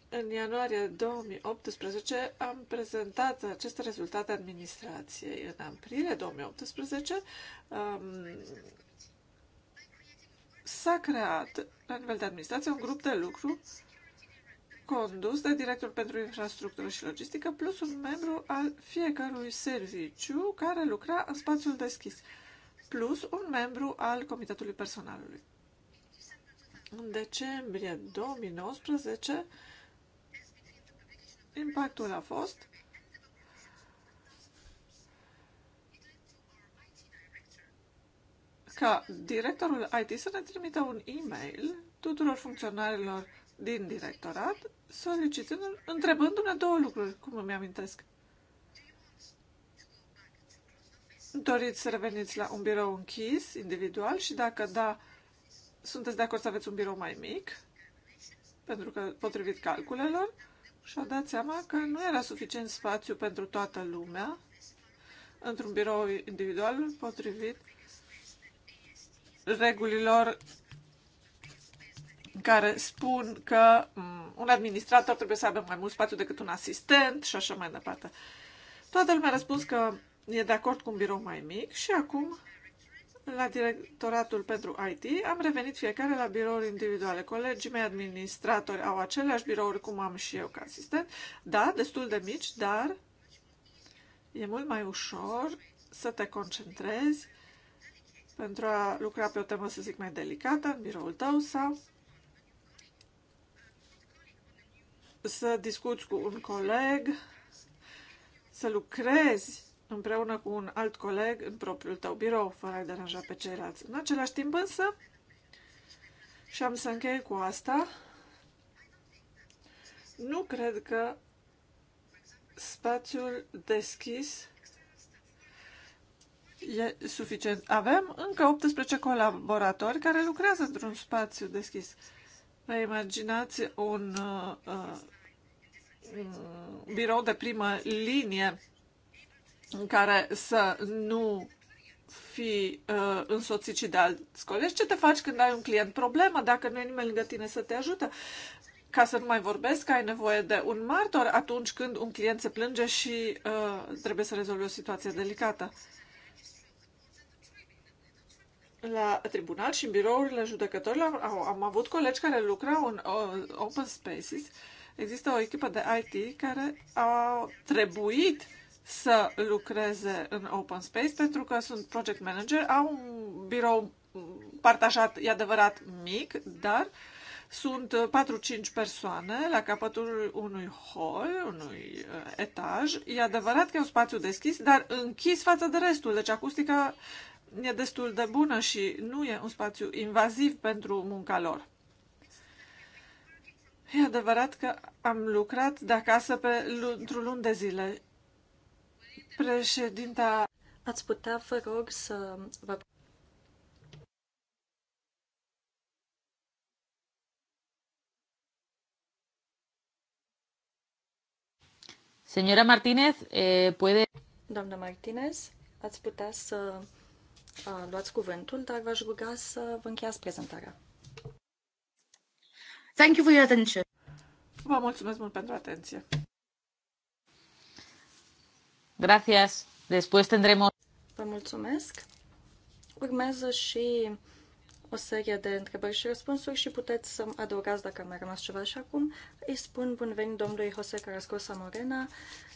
În ianuarie 2018 am prezentat aceste rezultate administrației. În aprilie 2018 um, s-a creat la nivel de administrație un grup de lucru condus de directorul pentru infrastructură și logistică, plus un membru al fiecărui serviciu care lucra în spațiul deschis, plus un membru al Comitetului Personalului. În decembrie 2019, impactul a fost ca directorul IT să ne trimită un e-mail tuturor funcționarilor din directorat solicitând, întrebându-ne două lucruri, cum îmi amintesc. Doriți să reveniți la un birou închis, individual, și dacă da, sunteți de acord să aveți un birou mai mic, pentru că potrivit calculelor, și-a dat seama că nu era suficient spațiu pentru toată lumea într-un birou individual potrivit regulilor care spun că mm, un administrator trebuie să aibă mai mult spațiu decât un asistent și așa mai departe. Toată lumea a răspuns că e de acord cu un birou mai mic și acum la directoratul pentru IT am revenit fiecare la birouri individuale. Colegii mei administratori au aceleași birouri cum am și eu ca asistent. Da, destul de mici, dar e mult mai ușor să te concentrezi pentru a lucra pe o temă, să zic, mai delicată în biroul tău sau să discuți cu un coleg, să lucrezi împreună cu un alt coleg în propriul tău birou, fără a deranja pe ceilalți. În același timp însă, și am să închei cu asta, nu cred că spațiul deschis e suficient. Avem încă 18 colaboratori care lucrează într-un spațiu deschis. Vă imaginați un uh, uh, birou de primă linie în care să nu fi uh, însoțit și de alți colegi. Ce te faci când ai un client problemă, dacă nu e nimeni lângă tine să te ajută? Ca să nu mai vorbesc, că ai nevoie de un martor atunci când un client se plânge și uh, trebuie să rezolvi o situație delicată. Uh, la tribunal și în birourile judecătorilor au, am avut colegi care lucrau în open spaces. Există o echipă de IT care a trebuit să lucreze în open space pentru că sunt project manager, au un birou partajat, e adevărat, mic, dar sunt 4-5 persoane la capătul unui hol, unui uh, etaj. E adevărat că e un spațiu deschis, dar închis față de restul, deci acustica e destul de bună și nu e un spațiu invaziv pentru munca lor. E adevărat că am lucrat de acasă pe, într-o luni de zile. Președinta... Ați putea, vă rog, să vă... Señora Martínez, eh, puede... Doamna Martínez, ați putea să luați cuvântul, dar v-aș ruga să vă încheiați prezentarea. Thank you for your attention. Vă mulțumesc mult pentru atenție. Gracias. Después tendremos... Vă mulțumesc. Urmează și o serie de întrebări și răspunsuri și puteți să adăugați dacă mai rămas ceva și acum. Îi spun bun venit domnului Jose Carascosa Morena,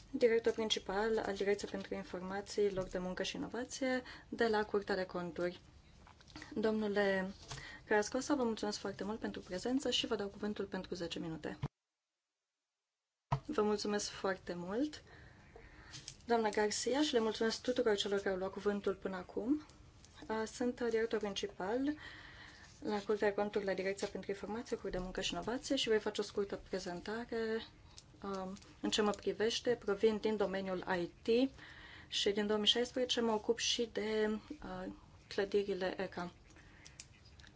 director principal al Direcției pentru Informații, Loc de Muncă și Inovație de la Curtea de Conturi. Domnule Carascosa, vă mulțumesc foarte mult pentru prezență și vă dau cuvântul pentru 10 minute. Vă mulțumesc foarte mult, doamna Garcia, și le mulțumesc tuturor celor care au luat cuvântul până acum. Sunt director principal la Curtea de Conturi, la Direcția pentru Informație, cu de Muncă și Inovație și voi face o scurtă prezentare um, în ce mă privește. Provin din domeniul IT și din 2016 mă ocup și de uh, clădirile ECA.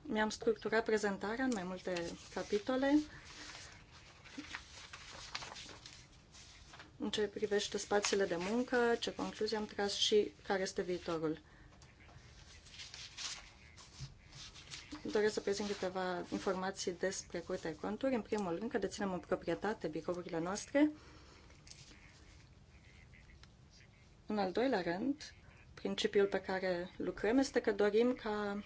Mi-am structurat prezentarea în mai multe capitole. În ce privește spațiile de muncă, ce concluzii am tras și care este viitorul. doresc să prezint câteva informații despre Curtea Conturi. În primul rând că deținem în proprietate birourile noastre. În al doilea rând, principiul pe care lucrăm este că dorim ca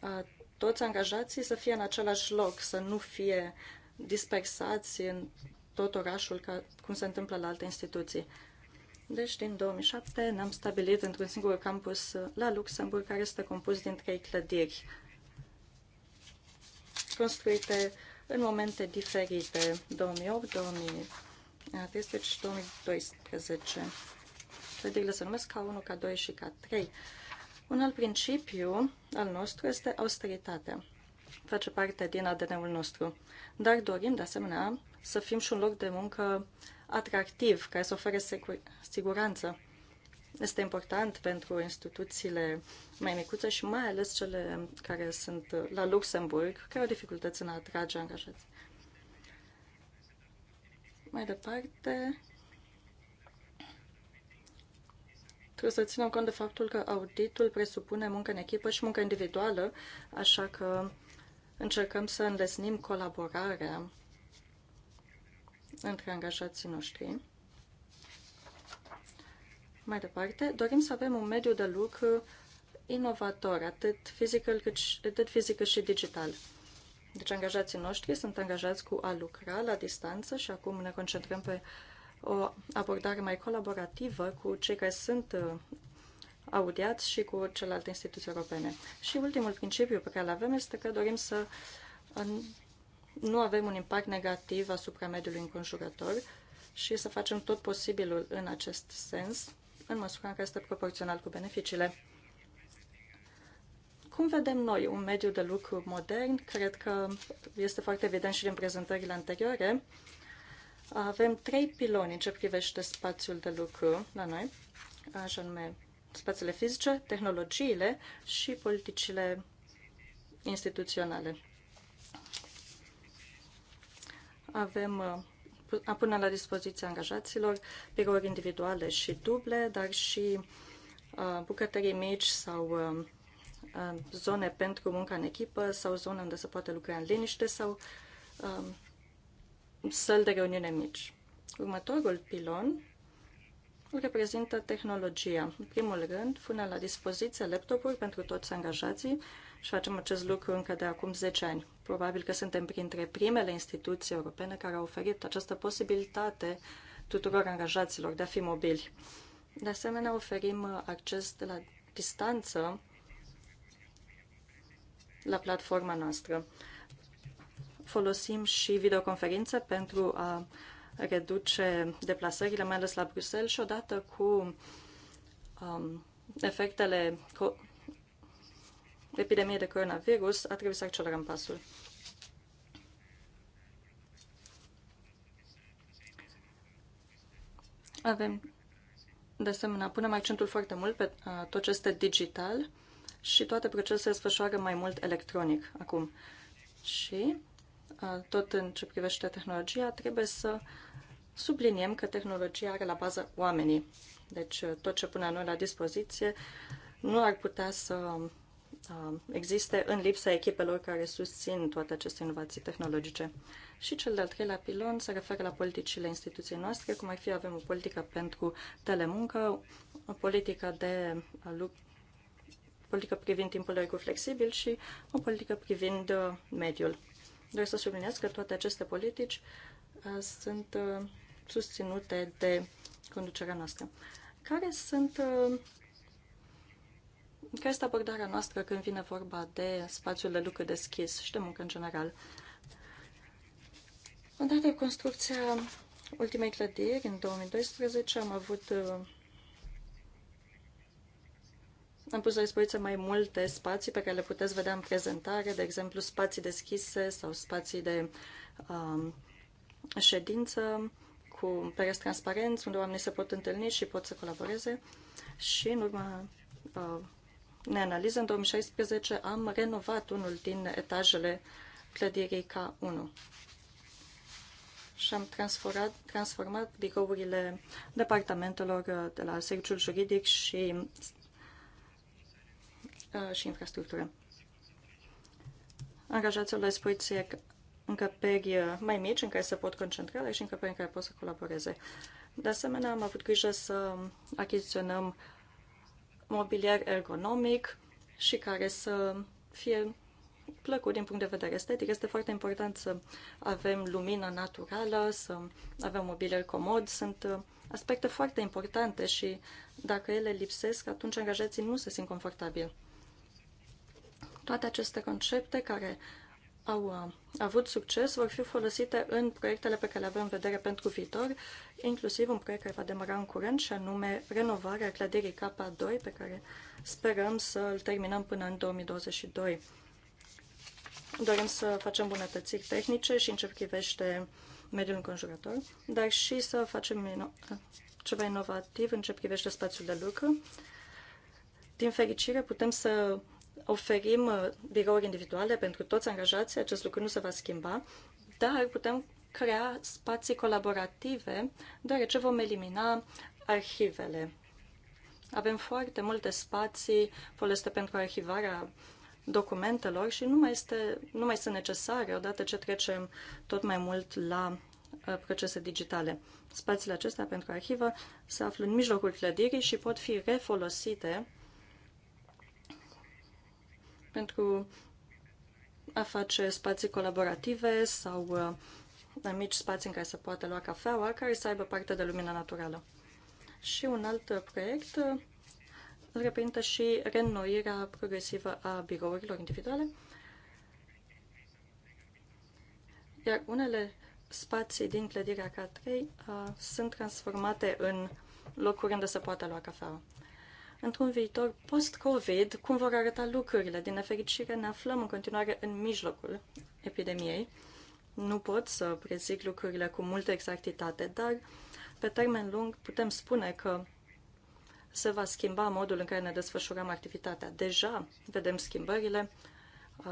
a, toți angajații să fie în același loc, să nu fie dispersați în tot orașul, ca cum se întâmplă la alte instituții. Deci, din 2007 ne-am stabilit într-un singur campus uh, la Luxemburg, care este compus din trei clădiri construite în momente diferite, 2008, 2013 și 2012. Clădirile se numesc ca 1 ca 2 și ca 3 Un alt principiu al nostru este austeritatea. Face parte din ADN-ul nostru. Dar dorim, de asemenea, să fim și un loc de muncă atractiv, care să ofere siguranță este important pentru instituțiile mai micuțe și mai ales cele care sunt la Luxemburg, care au dificultăți în a atrage angajați. Mai departe, trebuie să ținem cont de faptul că auditul presupune muncă în echipă și muncă individuală, așa că încercăm să înlesnim colaborarea între angajații noștri. Mai departe, dorim să avem un mediu de lucru inovator, atât, physical, cât și, atât fizic cât și digital. Deci angajații noștri sunt angajați cu a lucra la distanță și acum ne concentrăm pe o abordare mai colaborativă cu cei care sunt uh, audiați și cu celelalte instituții europene. Și ultimul principiu pe care îl avem este că dorim să nu avem un impact negativ asupra mediului înconjurător și să facem tot posibilul în acest sens în măsura în care este proporțional cu beneficiile. Cum vedem noi un mediu de lucru modern? Cred că este foarte evident și din prezentările anterioare. Avem trei piloni în ce privește spațiul de lucru la noi, așa nume spațiile fizice, tehnologiile și politicile instituționale. Avem uh, a pune la dispoziția angajaților birouri individuale și duble, dar și uh, bucătării mici sau uh, uh, zone pentru munca în echipă sau zone unde se poate lucra în liniște sau um, săli de reuniune mici. Următorul pilon reprezintă tehnologia. În primul rând, pune la dispoziție laptopuri pentru toți angajații și facem acest lucru încă de acum 10 ani. Probabil că suntem printre primele instituții europene care au oferit această posibilitate tuturor angajaților de a fi mobili. De asemenea, oferim acces de la distanță la platforma noastră. Folosim și videoconferințe pentru a reduce deplasările, mai ales la Bruxelles, și odată cu um, efectele epidemie de coronavirus, a trebuit să accelerăm pasul. Avem, de asemenea, punem accentul foarte mult pe tot ce este digital și toate procesele se desfășoară mai mult electronic acum. Și tot în ce privește tehnologia, trebuie să subliniem că tehnologia are la bază oamenii. Deci tot ce punem noi la dispoziție nu ar putea să existe în lipsa echipelor care susțin toate aceste inovații tehnologice. Și cel de-al treilea pilon se referă la politicile instituției noastre, cum ar fi avem o politică pentru telemuncă, o politică de politică privind timpul de lucru flexibil și o politică privind mediul. Doresc să subliniez că toate aceste politici sunt susținute de conducerea noastră. Care sunt care este abordarea noastră când vine vorba de spațiul de lucru deschis și de muncă în general? Odată construcția ultimei clădiri, în 2012, am avut am pus la dispoziție mai multe spații pe care le puteți vedea în prezentare, de exemplu spații deschise sau spații de um, ședință cu pereți transparenți, unde oamenii se pot întâlni și pot să colaboreze. Și în urma uh, ne analiză, în 2016 am renovat unul din etajele clădirii K1 și am transformat, transformat birourile departamentelor uh, de la serviciul juridic și, uh, și infrastructură. Angajați-o la expoziție încăperi uh, mai mici în care se pot concentra și încăperi în care pot să colaboreze. De asemenea, am avut grijă să achiziționăm uh, mobilier ergonomic și care să fie plăcut din punct de vedere estetic. Este foarte important să avem lumină naturală, să avem mobilier comod. Sunt uh, aspecte foarte importante și dacă ele lipsesc, atunci angajații nu se simt confortabil. Toate aceste concepte care au uh, avut succes vor fi folosite în proiectele pe care le avem în vedere pentru viitor, inclusiv un proiect care va demara în curent și anume renovarea clădirii K2 pe care sperăm să îl terminăm până în 2022. Dorim să facem bunătățiri tehnice și în ce privește mediul înconjurător, dar și să facem ino- ceva inovativ în ce privește spațiul de lucru. Din fericire, putem să oferim uh, birouri individuale pentru toți angajații, acest lucru nu se va schimba, dar putem crea spații colaborative, deoarece vom elimina arhivele. Avem foarte multe spații folosite pentru arhivarea documentelor și nu mai, este, nu mai sunt necesare odată ce trecem tot mai mult la uh, procese digitale. Spațiile acestea pentru arhivă se află în mijlocul clădirii și pot fi refolosite pentru a face spații colaborative sau uh, mici spații în care se poate lua cafeaua, care să aibă parte de lumina naturală. Și un alt proiect uh, reprezintă și reînnoirea progresivă a birourilor individuale, iar unele spații din clădirea K3 uh, sunt transformate în locuri unde se poate lua cafeaua într-un viitor post-COVID, cum vor arăta lucrurile. Din nefericire, ne aflăm în continuare în mijlocul epidemiei. Nu pot să prezic lucrurile cu multă exactitate, dar pe termen lung putem spune că se va schimba modul în care ne desfășurăm activitatea. Deja vedem schimbările,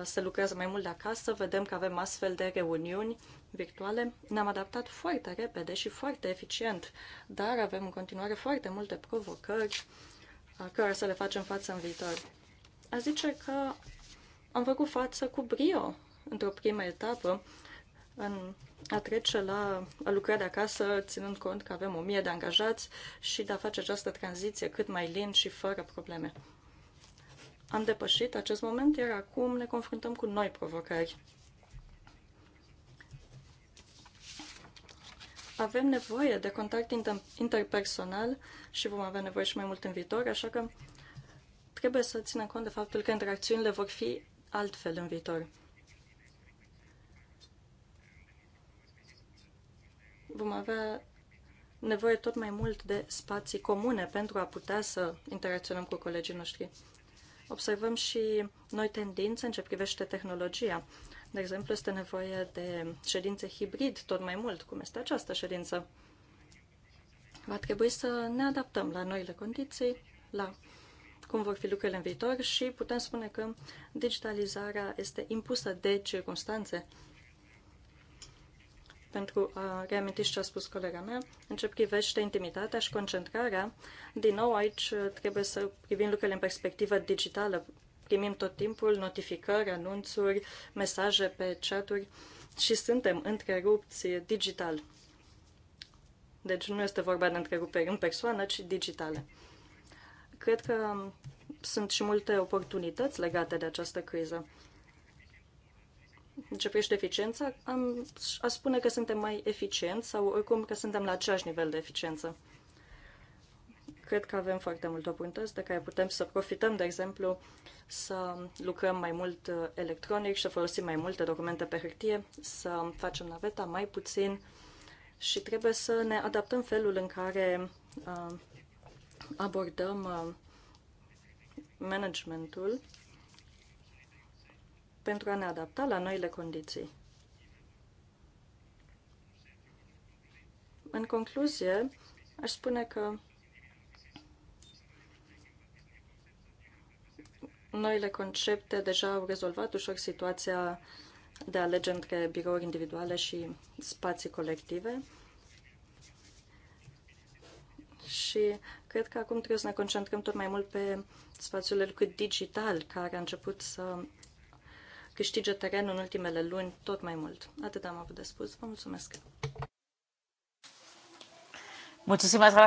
se lucrează mai mult de acasă, vedem că avem astfel de reuniuni virtuale. Ne-am adaptat foarte repede și foarte eficient, dar avem în continuare foarte multe provocări a cărora să le facem față în viitor. A zice că am făcut față cu brio într-o primă etapă în a trece la a lucra de acasă, ținând cont că avem o mie de angajați și de a face această tranziție cât mai lin și fără probleme. Am depășit acest moment, iar acum ne confruntăm cu noi provocări. Avem nevoie de contact inter- interpersonal și vom avea nevoie și mai mult în viitor, așa că trebuie să ținem cont de faptul că interacțiunile vor fi altfel în viitor. Vom avea nevoie tot mai mult de spații comune pentru a putea să interacționăm cu colegii noștri. Observăm și noi tendințe în ce privește tehnologia. De exemplu, este nevoie de ședințe hibrid tot mai mult, cum este această ședință. Va trebui să ne adaptăm la noile condiții, la cum vor fi lucrurile în viitor și putem spune că digitalizarea este impusă de circunstanțe. Pentru a reaminti ce a spus colega mea, în ce privește intimitatea și concentrarea, din nou aici trebuie să privim lucrurile în perspectivă digitală, primim tot timpul notificări, anunțuri, mesaje pe chaturi și suntem întrerupți digital. Deci nu este vorba de întreruperi în persoană, ci digitale. Cred că sunt și multe oportunități legate de această criză. În ce privește eficiența, am, aș spune că suntem mai eficienți sau oricum că suntem la același nivel de eficiență cred că avem foarte multe oportunități de care putem să profităm, de exemplu, să lucrăm mai mult uh, electronic să folosim mai multe documente pe hârtie, să facem naveta mai puțin și trebuie să ne adaptăm felul în care uh, abordăm uh, managementul pentru a ne adapta la noile condiții. În concluzie, aș spune că Noile concepte deja au rezolvat ușor situația de a alege între birouri individuale și spații colective. Și cred că acum trebuie să ne concentrăm tot mai mult pe spațiul de lucru digital, care a început să câștige teren în ultimele luni tot mai mult. Atât am avut de spus. Vă mulțumesc! Mulțumesc,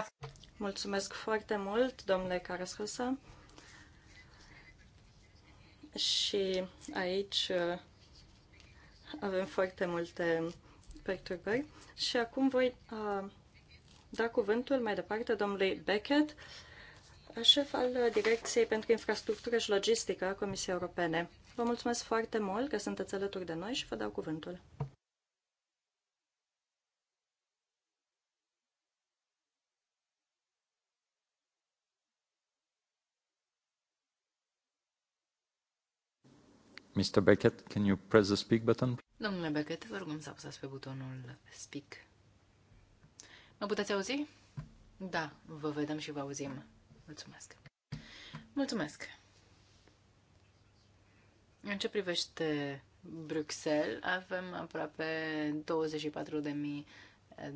mulțumesc foarte mult, domnule Carascosa și aici uh, avem foarte multe perturbări. Și acum voi uh, da cuvântul mai departe domnului Beckett, uh, șef al Direcției pentru Infrastructură și Logistică a Comisiei Europene. Vă mulțumesc foarte mult că sunteți alături de noi și vă dau cuvântul. Mr. Beckett, can you press the speak button? Domnule Beckett, vă rugăm să apăsați pe butonul speak. Mă puteți auzi? Da, vă vedem și vă auzim. Mulțumesc. Mulțumesc. În ce privește Bruxelles, avem aproape 24.000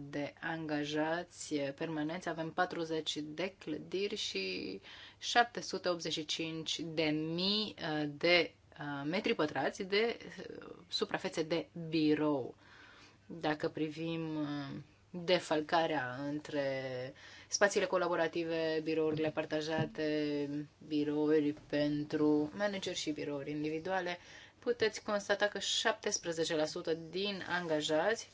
de angajați permanenți, avem 40 de clădiri și 785 de mii de Uh, metri pătrați de uh, suprafețe de birou. Dacă privim uh, defalcarea între spațiile colaborative, birourile partajate, birouri pentru manageri și birouri individuale, puteți constata că 17% din angajați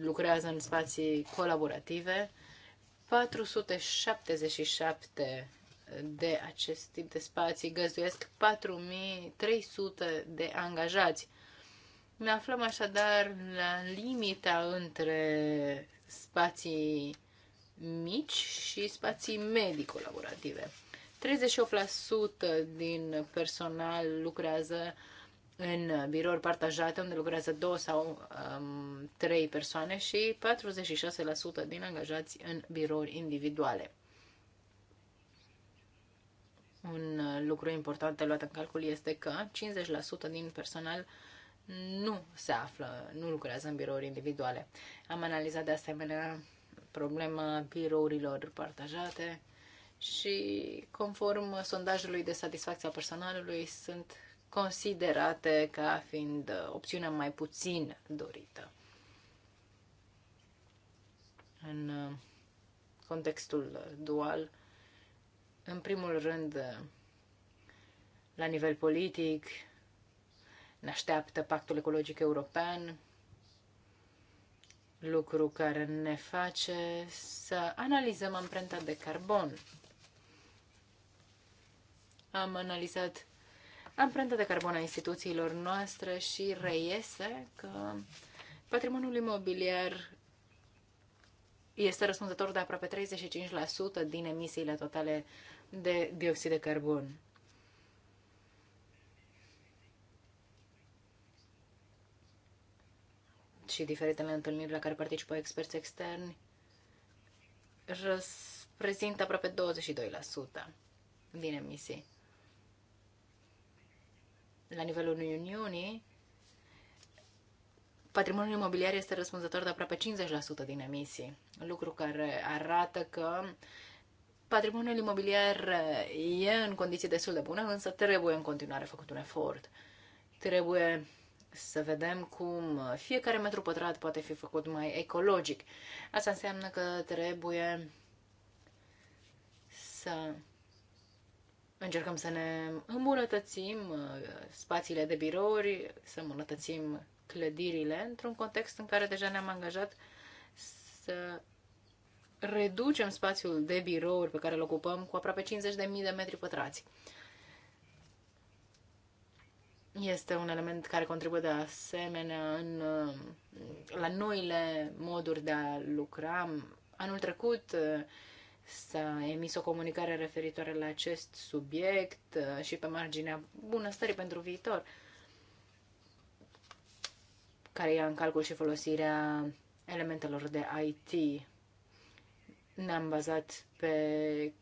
lucrează în spații colaborative, 477 de acest tip de spații găzduiesc 4300 de angajați. Ne aflăm așadar la limita între spații mici și spații medii colaborative. 38% din personal lucrează în birouri partajate, unde lucrează două sau um, trei persoane și 46% din angajați în birouri individuale. Un uh, lucru important de luat în calcul este că 50% din personal nu se află, nu lucrează în birouri individuale. Am analizat de asemenea problema birourilor partajate și conform sondajului de satisfacție a personalului sunt considerate ca fiind uh, opțiunea mai puțin dorită. În uh, contextul dual, în primul rând, la nivel politic, ne așteaptă Pactul Ecologic European, lucru care ne face să analizăm amprenta de carbon. Am analizat amprenta de carbon a instituțiilor noastre și reiese că patrimoniul imobiliar este răspunzător de aproape 35% din emisiile totale de dioxid de carbon. și diferitele întâlniri la care participă experți externi reprezintă aproape 22% din emisii. La nivelul Uniunii, patrimoniul imobiliar este răspunzător de aproape 50% din emisii, lucru care arată că uh, Patrimoniul imobiliar eh, e în condiții destul de bune, însă trebuie în continuare făcut un efort. Trebuie să vedem cum fiecare metru pătrat poate fi făcut mai ecologic. Asta înseamnă că trebuie să încercăm să ne îmbunătățim eh, spațiile de birouri, să îmbunătățim clădirile într-un context în care deja ne-am angajat să reducem spațiul de birouri pe care îl ocupăm cu aproape 50.000 de metri pătrați. Este un element care contribuie de asemenea în, la noile moduri de a lucra. Anul trecut uh, s-a emis o comunicare referitoare la acest subiect uh, și pe marginea bunăstării pentru viitor, care ia în calcul și folosirea elementelor de IT ne-am bazat pe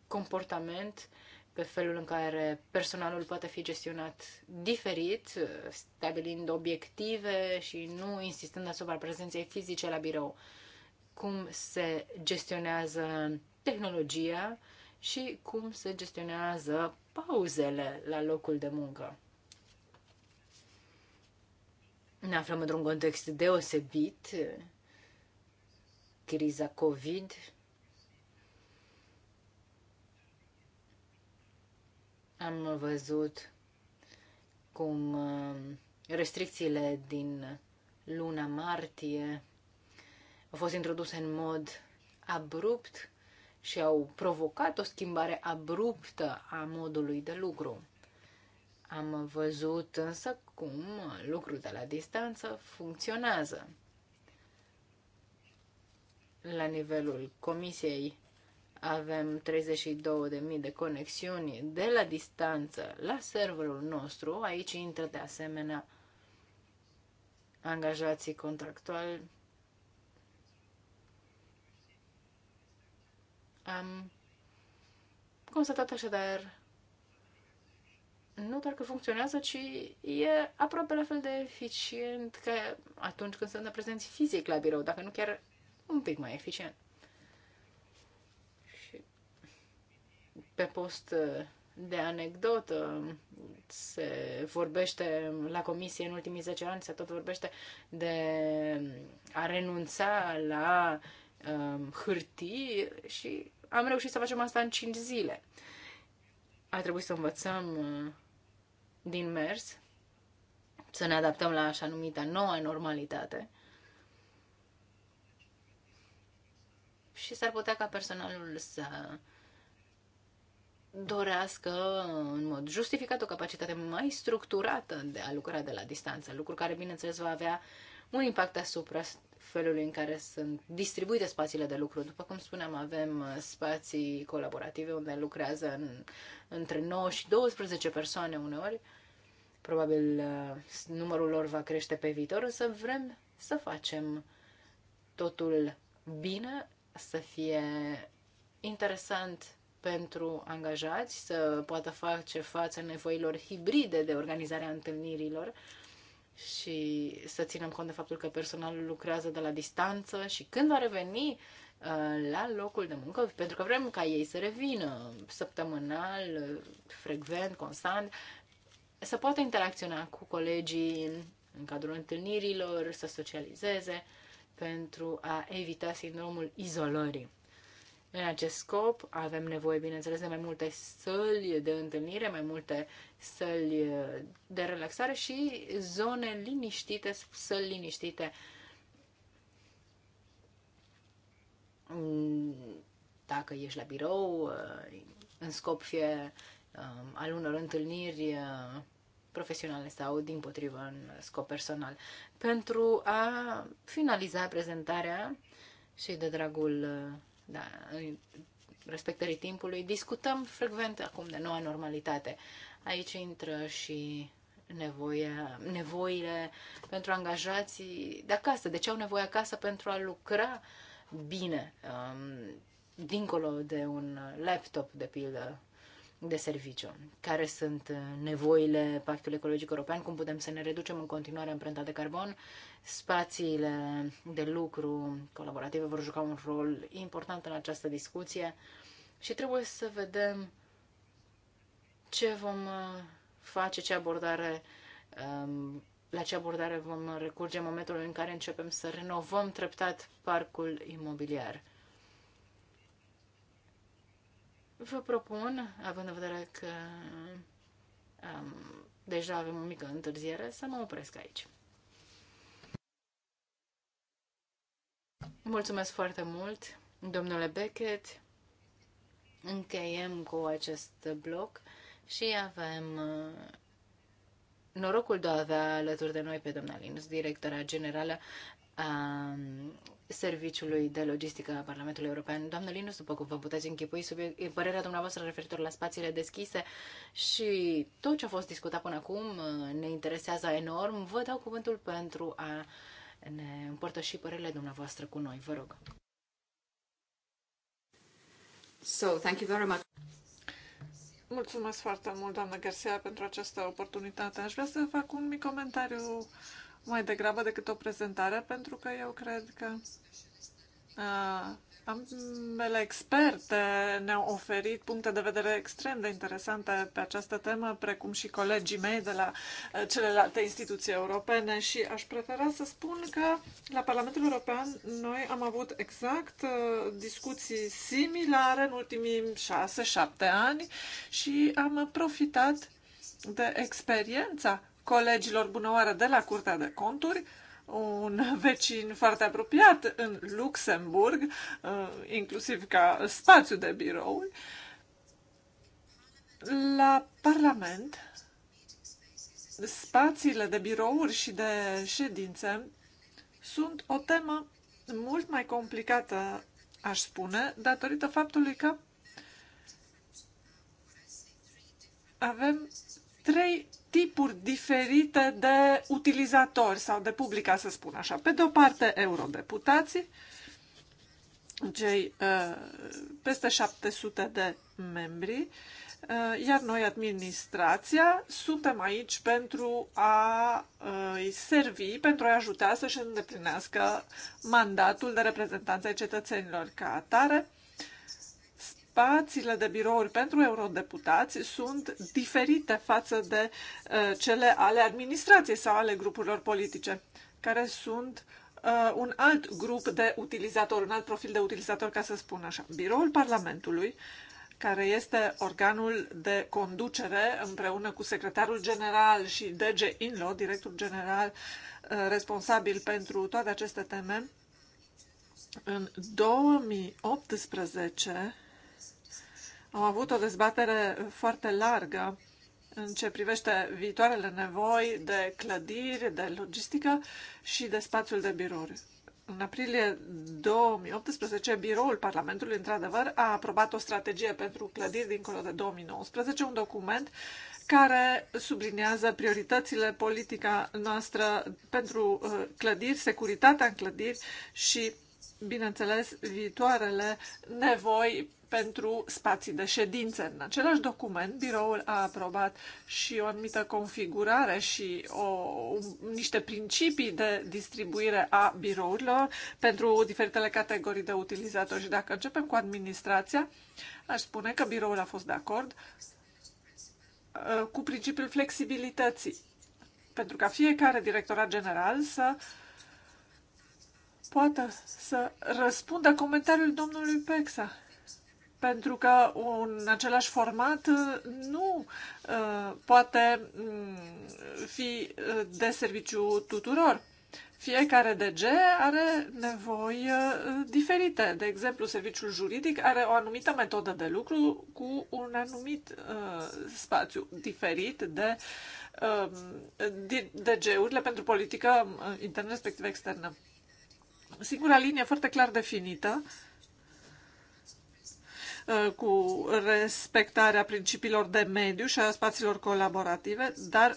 comportament, pe felul în care personalul poate fi gestionat diferit, stabilind obiective și nu insistând asupra prezenței fizice la birou. Cum se gestionează tehnologia și cum se gestionează pauzele la locul de muncă. Ne aflăm într-un context deosebit, criza COVID, Am văzut cum uh, restricțiile din luna martie au fost introduse în mod abrupt și au provocat o schimbare abruptă a modului de lucru. Am văzut însă cum lucrul de la distanță funcționează. La nivelul comisiei avem 32.000 de conexiuni de la distanță la serverul nostru. Aici intră de asemenea angajații contractuali. Am constatat așadar nu doar că funcționează, ci e aproape la fel de eficient ca atunci când suntem prezenți fizic la birou, dacă nu chiar un pic mai eficient. pe post uh, de anecdotă. Se vorbește la comisie în ultimii 10 ani, se tot vorbește de um, a renunța la um, hârtii și am reușit să facem asta în 5 zile. A trebuit să învățăm uh, din mers, să ne adaptăm la așa numita noua normalitate. Și s-ar putea ca personalul să dorească în mod justificat o capacitate mai structurată de a lucra de la distanță, lucru care, bineînțeles, va avea un impact asupra felului în care sunt distribuite spațiile de lucru. După cum spuneam, avem spații colaborative unde lucrează în, între 9 și 12 persoane uneori. Probabil uh, numărul lor va crește pe viitor, însă vrem să facem totul bine, să fie interesant pentru angajați să poată face față nevoilor hibride de organizare a întâlnirilor și să ținem cont de faptul că personalul lucrează de la distanță și când va reveni uh, la locul de muncă, pentru că vrem ca ei să revină săptămânal, frecvent, constant, să poată interacționa cu colegii în cadrul întâlnirilor, să socializeze pentru a evita sindromul izolării. În acest scop avem nevoie, bineînțeles, de mai multe săli de întâlnire, mai multe săli de relaxare și zone liniștite, săli liniștite. Dacă ești la birou, în scop fie um, al unor întâlniri uh, profesionale sau, din potrivă, în scop personal. Pentru a finaliza prezentarea și de dragul uh, da, respectării timpului, discutăm frecvent acum de noua normalitate. Aici intră și nevoie, nevoile pentru angajații de acasă. De ce au nevoie acasă pentru a lucra bine, um, dincolo de un laptop, de pildă, de serviciu. Care sunt nevoile pactului ecologic european? Cum putem să ne reducem în continuare amprenta de carbon? Spațiile de lucru colaborative vor juca un rol important în această discuție și trebuie să vedem ce vom uh, face, ce abordare um, la ce abordare vom recurge în momentul în care începem să renovăm treptat parcul imobiliar. Vă propun, având în vedere că um, deja avem o mică întârziere, să mă opresc aici. Mulțumesc foarte mult, domnule Beckett. Încheiem cu acest bloc și avem uh, norocul de a avea alături de noi pe doamna Linus, directora generală Um, serviciului de Logistică a Parlamentului European. Doamnă Linus, după cum vă puteți închipui, sub părerea dumneavoastră referitor la spațiile deschise și tot ce a fost discutat până acum uh, ne interesează enorm. Vă dau cuvântul pentru a ne împărtăși părerile dumneavoastră cu noi. Vă rog. So, thank you very much. Mulțumesc foarte mult, doamnă Garcia, pentru această oportunitate. Aș vrea să fac un mic comentariu mai degrabă decât o prezentare, pentru că eu cred că uh, ambele experte ne-au oferit puncte de vedere extrem de interesante pe această temă, precum și colegii mei de la uh, celelalte instituții europene și aș prefera să spun că la Parlamentul European noi am avut exact uh, discuții similare în ultimii șase, șapte ani și am profitat de experiența colegilor bunăoară de la Curtea de Conturi, un vecin foarte apropiat în Luxemburg, uh, inclusiv ca spațiu de birouri, la Parlament, spațiile de birouri și de ședințe sunt o temă mult mai complicată, aș spune, datorită faptului că avem trei tipuri diferite de utilizatori sau de public, ca să spun așa. Pe de o parte, eurodeputații, cei uh, peste 700 de membri, uh, iar noi, administrația, suntem aici pentru a uh, îi uh, servi, pentru a-i ajuta să-și îndeplinească mandatul de reprezentanță ai cetățenilor ca atare spațiile de birouri pentru eurodeputați sunt diferite față de uh, cele ale administrației sau ale grupurilor politice, care sunt uh, un alt grup de utilizator, un alt profil de utilizator, ca să spun așa. Biroul Parlamentului, care este organul de conducere împreună cu secretarul general și DG Inlo, director general uh, responsabil pentru toate aceste teme, în 2018 am avut o dezbatere foarte largă în ce privește viitoarele nevoi de clădiri, de logistică și de spațiul de birouri. În aprilie 2018, biroul Parlamentului, într-adevăr, a aprobat o strategie pentru clădiri dincolo de 2019, un document care subliniază prioritățile politica noastră pentru uh, clădiri, securitatea în clădiri și bineînțeles, viitoarele nevoi pentru spații de ședințe. În același document, biroul a aprobat și o anumită configurare și o, niște principii de distribuire a birourilor pentru diferitele categorii de utilizatori. Și dacă începem cu administrația, aș spune că biroul a fost de acord uh, cu principiul flexibilității, pentru ca fiecare directorat general să uh, poată să răspundă comentariul domnului Pexa. Pentru că un același format uh, nu uh, poate mm, fi uh, de serviciu tuturor. Fiecare DG are nevoi uh, diferite. De exemplu, serviciul juridic are o anumită metodă de lucru cu un anumit uh, spațiu diferit de uh, DG-urile pentru politică internă, respectiv externă singura linie foarte clar definită uh, cu respectarea principiilor de mediu și a spațiilor colaborative, dar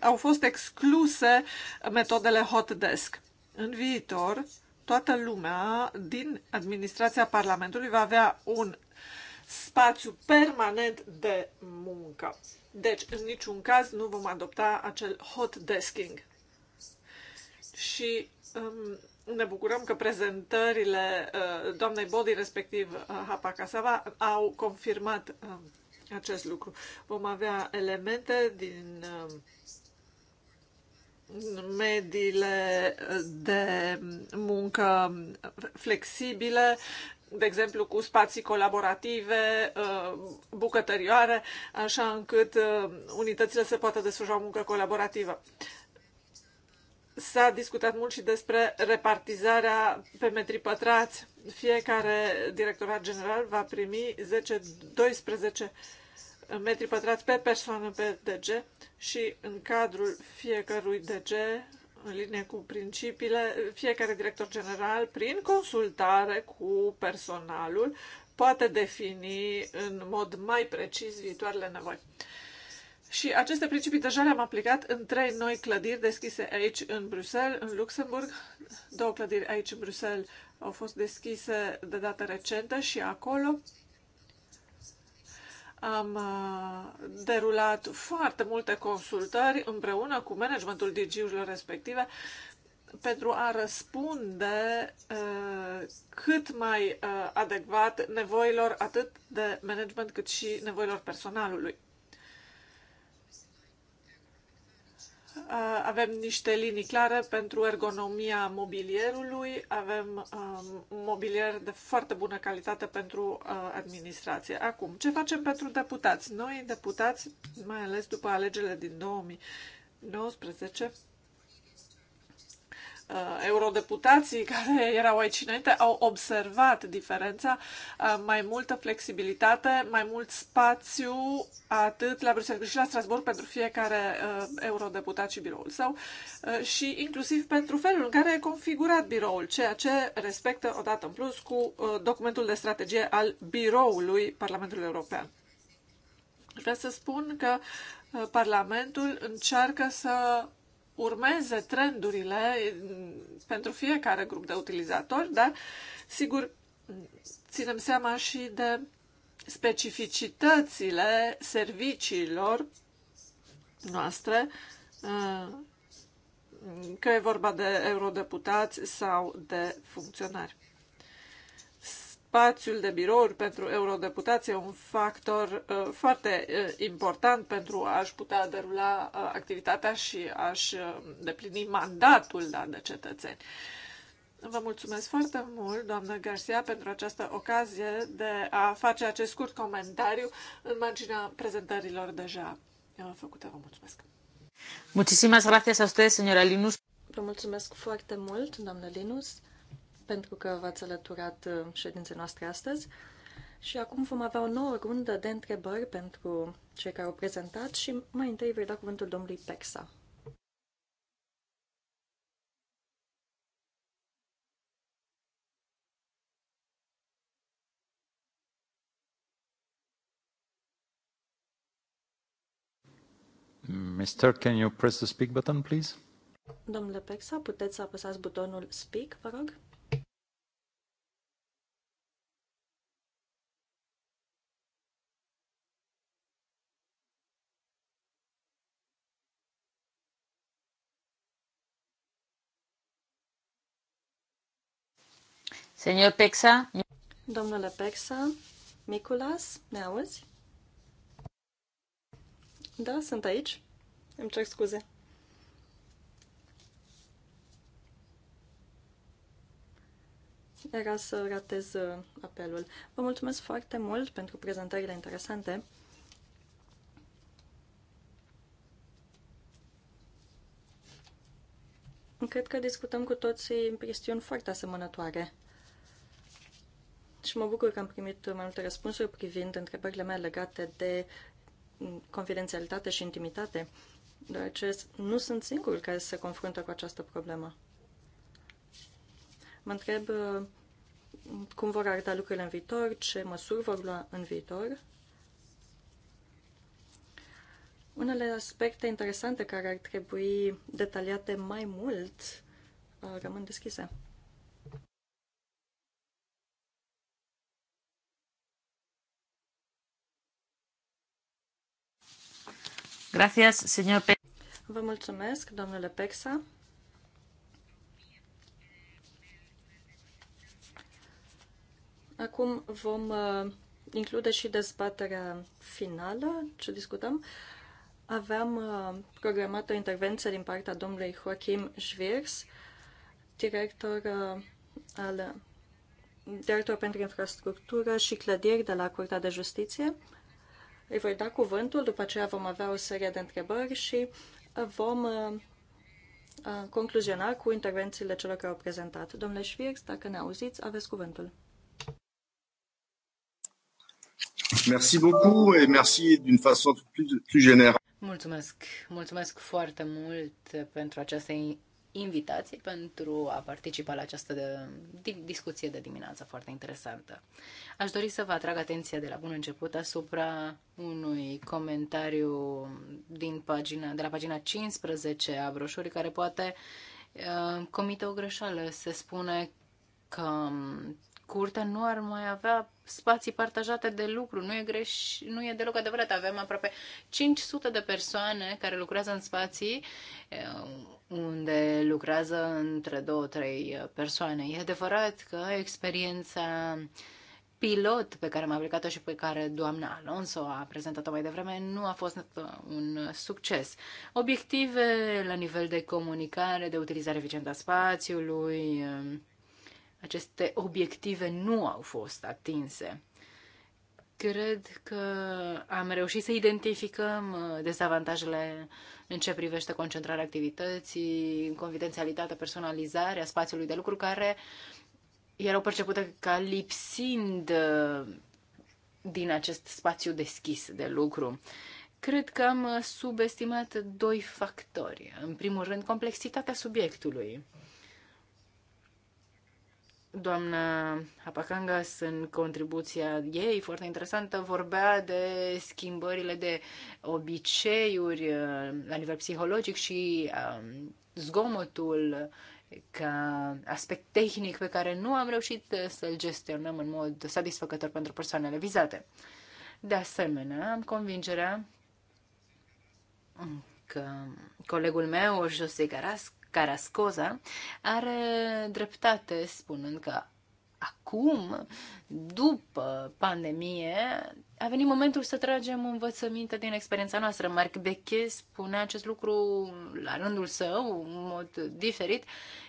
au fost excluse metodele hot desk. În viitor, toată lumea din administrația Parlamentului va avea un spațiu permanent de muncă. Deci, în niciun caz, nu vom adopta acel hot desking. Și um, ne bucurăm că prezentările uh, doamnei Bodi, respectiv uh, Hapa Casava, au confirmat uh, acest lucru. Vom avea elemente din mediile de muncă flexibile, de exemplu, cu spații colaborative, bucătărioare, așa încât unitățile se poată desfășura muncă colaborativă. S-a discutat mult și despre repartizarea pe metri pătrați. Fiecare directorat general va primi 10-12 metri pătrați pe persoană pe DG și în cadrul fiecărui DG, în linie cu principiile, fiecare director general, prin consultare cu personalul, poate defini în mod mai precis viitoarele nevoi. Și aceste principii deja le-am aplicat în trei noi clădiri deschise aici în Bruxelles, în Luxemburg. Două clădiri aici în Bruxelles au fost deschise de dată recentă și acolo am uh, derulat foarte multe consultări împreună cu managementul DG-urilor respective pentru a răspunde uh, cât mai uh, adecvat nevoilor atât de management cât și nevoilor personalului. avem niște linii clare pentru ergonomia mobilierului, avem um, mobilier de foarte bună calitate pentru uh, administrație. Acum, ce facem pentru deputați? Noi, deputați, mai ales după alegerile din 2019, Uh, eurodeputații care erau aici înainte au observat diferența, uh, mai multă flexibilitate, mai mult spațiu atât la Bruxelles cât și la Strasbourg pentru fiecare uh, eurodeputat și biroul său și inclusiv pentru felul în care e configurat biroul, ceea ce respectă odată în plus cu documentul de strategie al biroului Parlamentului European. Vreau să spun că Parlamentul încearcă să urmeze trendurile pentru fiecare grup de utilizatori, dar, sigur, ținem seama și de specificitățile serviciilor noastre, uh, că e vorba de eurodeputați sau de funcționari spațiul de birouri pentru eurodeputație un factor uh, foarte uh, important pentru a-și putea derula uh, activitatea și a-și uh, deplini mandatul da, de cetățeni. Vă mulțumesc foarte mult, doamnă Garcia, pentru această ocazie de a face acest scurt comentariu în marginea prezentărilor deja uh, făcute. Vă mulțumesc. Muchísimas gracias a usted, señora Linus. Vă mulțumesc foarte mult, doamnă Linus pentru că v-ați alăturat uh, ședințe noastre astăzi. Și acum vom avea o nouă rundă de întrebări pentru cei care au prezentat și mai întâi voi da cuvântul domnului Pexa. Mr. can you press the speak button, please? Domnule Pexa, puteți să apăsați butonul speak, vă rog? Senior Pexa? Domnule Pexa, Miculas, ne auzi? Da, sunt aici. Îmi cer scuze. Era să ratez uh, apelul. Vă mulțumesc foarte mult pentru prezentările interesante. Cred că discutăm cu toții chestiuni foarte asemănătoare și mă bucur că am primit mai multe răspunsuri privind întrebările mele legate de confidențialitate și intimitate, deoarece nu sunt singurul care se confruntă cu această problemă. Mă întreb uh, cum vor arăta lucrurile în viitor, ce măsuri vor lua în viitor. Unele aspecte interesante care ar trebui detaliate mai mult uh, rămân deschise. Gracias, señor Pe Vă mulțumesc, domnule Pexa. Acum vom uh, include și dezbaterea finală ce discutăm. Aveam uh, programat o intervenție din partea domnului Joachim Schwirs, director uh, al director pentru infrastructură și clădiri de la Curtea de Justiție. Îi voi da cuvântul, după aceea vom avea o serie de întrebări și uh, vom uh, uh, concluziona cu intervențiile celor care au prezentat. Domnule Șvirx, dacă ne auziți, aveți cuvântul. Merci beaucoup et merci d'une façon plus, plus générale. Mulțumesc, mulțumesc foarte mult pentru această invitații pentru a participa la această de, discuție de dimineață foarte interesantă. Aș dori să vă atrag atenția de la bun început asupra unui comentariu din pagina, de la pagina 15 a broșurii care poate uh, comite o greșeală. Se spune că um, curtea nu ar mai avea spații partajate de lucru. Nu e, greș, nu e deloc adevărat. Avem aproape 500 de persoane care lucrează în spații eh, unde lucrează între 2-3 persoane. E adevărat că experiența pilot pe care am aplicat-o și pe care doamna Alonso a prezentat-o mai devreme nu a fost un succes. Obiective la nivel de comunicare, de utilizare eficientă a spațiului, eh, aceste obiective nu au fost atinse. Cred că am reușit să identificăm uh, dezavantajele în ce privește concentrarea activității, confidențialitatea, personalizarea spațiului de lucru, care erau percepute ca lipsind uh, din acest spațiu deschis de lucru. Cred că am subestimat doi factori. În primul rând, complexitatea subiectului. Doamna Apacangas, în contribuția ei, foarte interesantă, vorbea de schimbările de obiceiuri uh, la nivel psihologic și um, zgomotul ca aspect tehnic pe care nu am reușit uh, să-l gestionăm în mod satisfăcător pentru persoanele vizate. De asemenea, am convingerea că colegul meu, Jose Caras, Carascoza, are dreptate spunând că acum, după pandemie, a venit momentul să tragem învățăminte din experiența noastră. Marc Bechet spune acest lucru la rândul său, în mod diferit,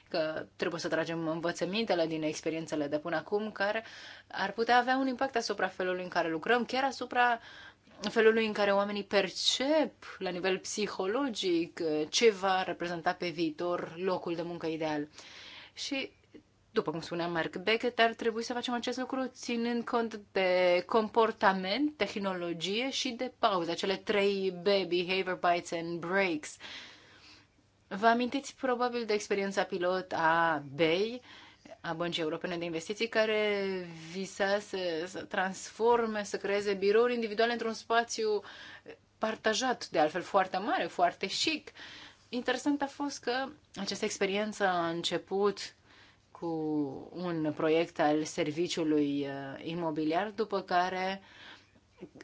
că trebuie să tragem învățămintele din experiențele de până acum, care ar putea avea un impact asupra felului în care lucrăm, chiar asupra uh, felului în care oamenii percep la nivel psihologic eh, ce va reprezenta pe viitor locul de muncă ideal. Și după cum spunea Mark Beckett, ar trebui să facem acest lucru ținând cont de comportament, tehnologie și de pauză, cele trei B, behavior bites and breaks. Vă amintiți probabil de experiența pilot a Bay, a Băncii Europene de Investiții, care visa să, să transforme, să creeze birouri individuale într-un spațiu partajat, de altfel foarte mare, foarte chic. Interesant a fost că această experiență a început cu un proiect al serviciului uh, imobiliar, după care uh,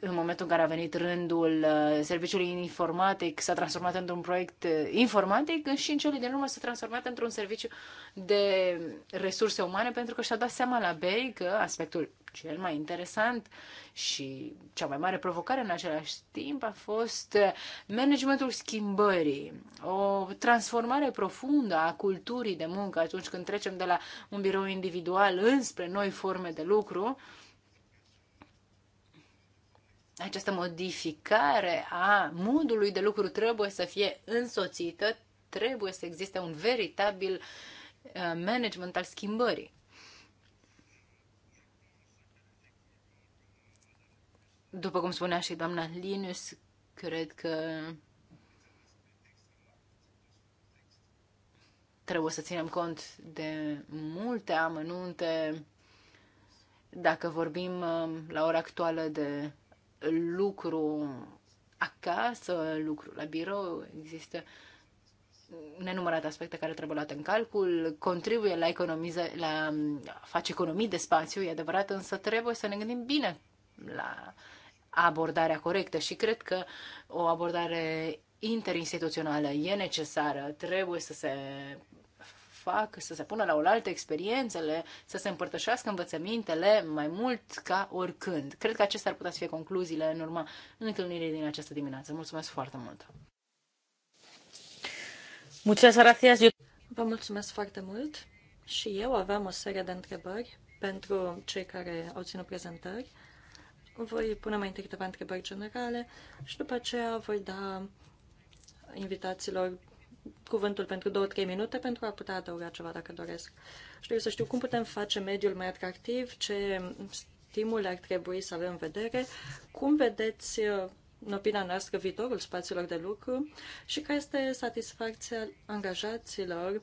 în momentul în care a venit rândul uh, serviciului informatic, s-a transformat într-un proiect uh, informatic și în cele din urmă s-a transformat într-un serviciu de resurse umane pentru că și-a dat seama la BEI că aspectul cel mai interesant și cea mai mare provocare în același timp a fost uh, managementul schimbării, o transformare profundă a culturii de muncă atunci când trecem de la un birou individual înspre noi forme de lucru, această modificare a modului de lucru trebuie să fie însoțită, trebuie să existe un veritabil uh, management al schimbării. După cum spunea și doamna Linus, cred că trebuie să ținem cont de multe amănunte dacă vorbim uh, la ora actuală de lucru acasă, lucru la birou, există nenumărate aspecte care trebuie luate în calcul, contribuie la, economize, la face economii de spațiu, e adevărat, însă trebuie să ne gândim bine la abordarea corectă și cred că o abordare interinstituțională e necesară, trebuie să se fac să se pună la oaltă experiențele, să se împărtășească învățămintele mai mult ca oricând. Cred că acestea ar putea să fie concluziile în urma întâlnirii din această dimineață. Mulțumesc foarte mult! Muchas gracias. Vă mulțumesc foarte mult și eu aveam o serie de întrebări pentru cei care au ținut prezentări. Voi pune mai întâi câteva întrebări generale și după aceea voi da invitațiilor cuvântul pentru două, trei minute pentru a putea adăuga ceva dacă doresc. trebuie să știu cum putem face mediul mai atractiv, ce stimule ar trebui să avem în vedere, cum vedeți uh, în opinia noastră, viitorul spațiilor de lucru și care este satisfacția angajaților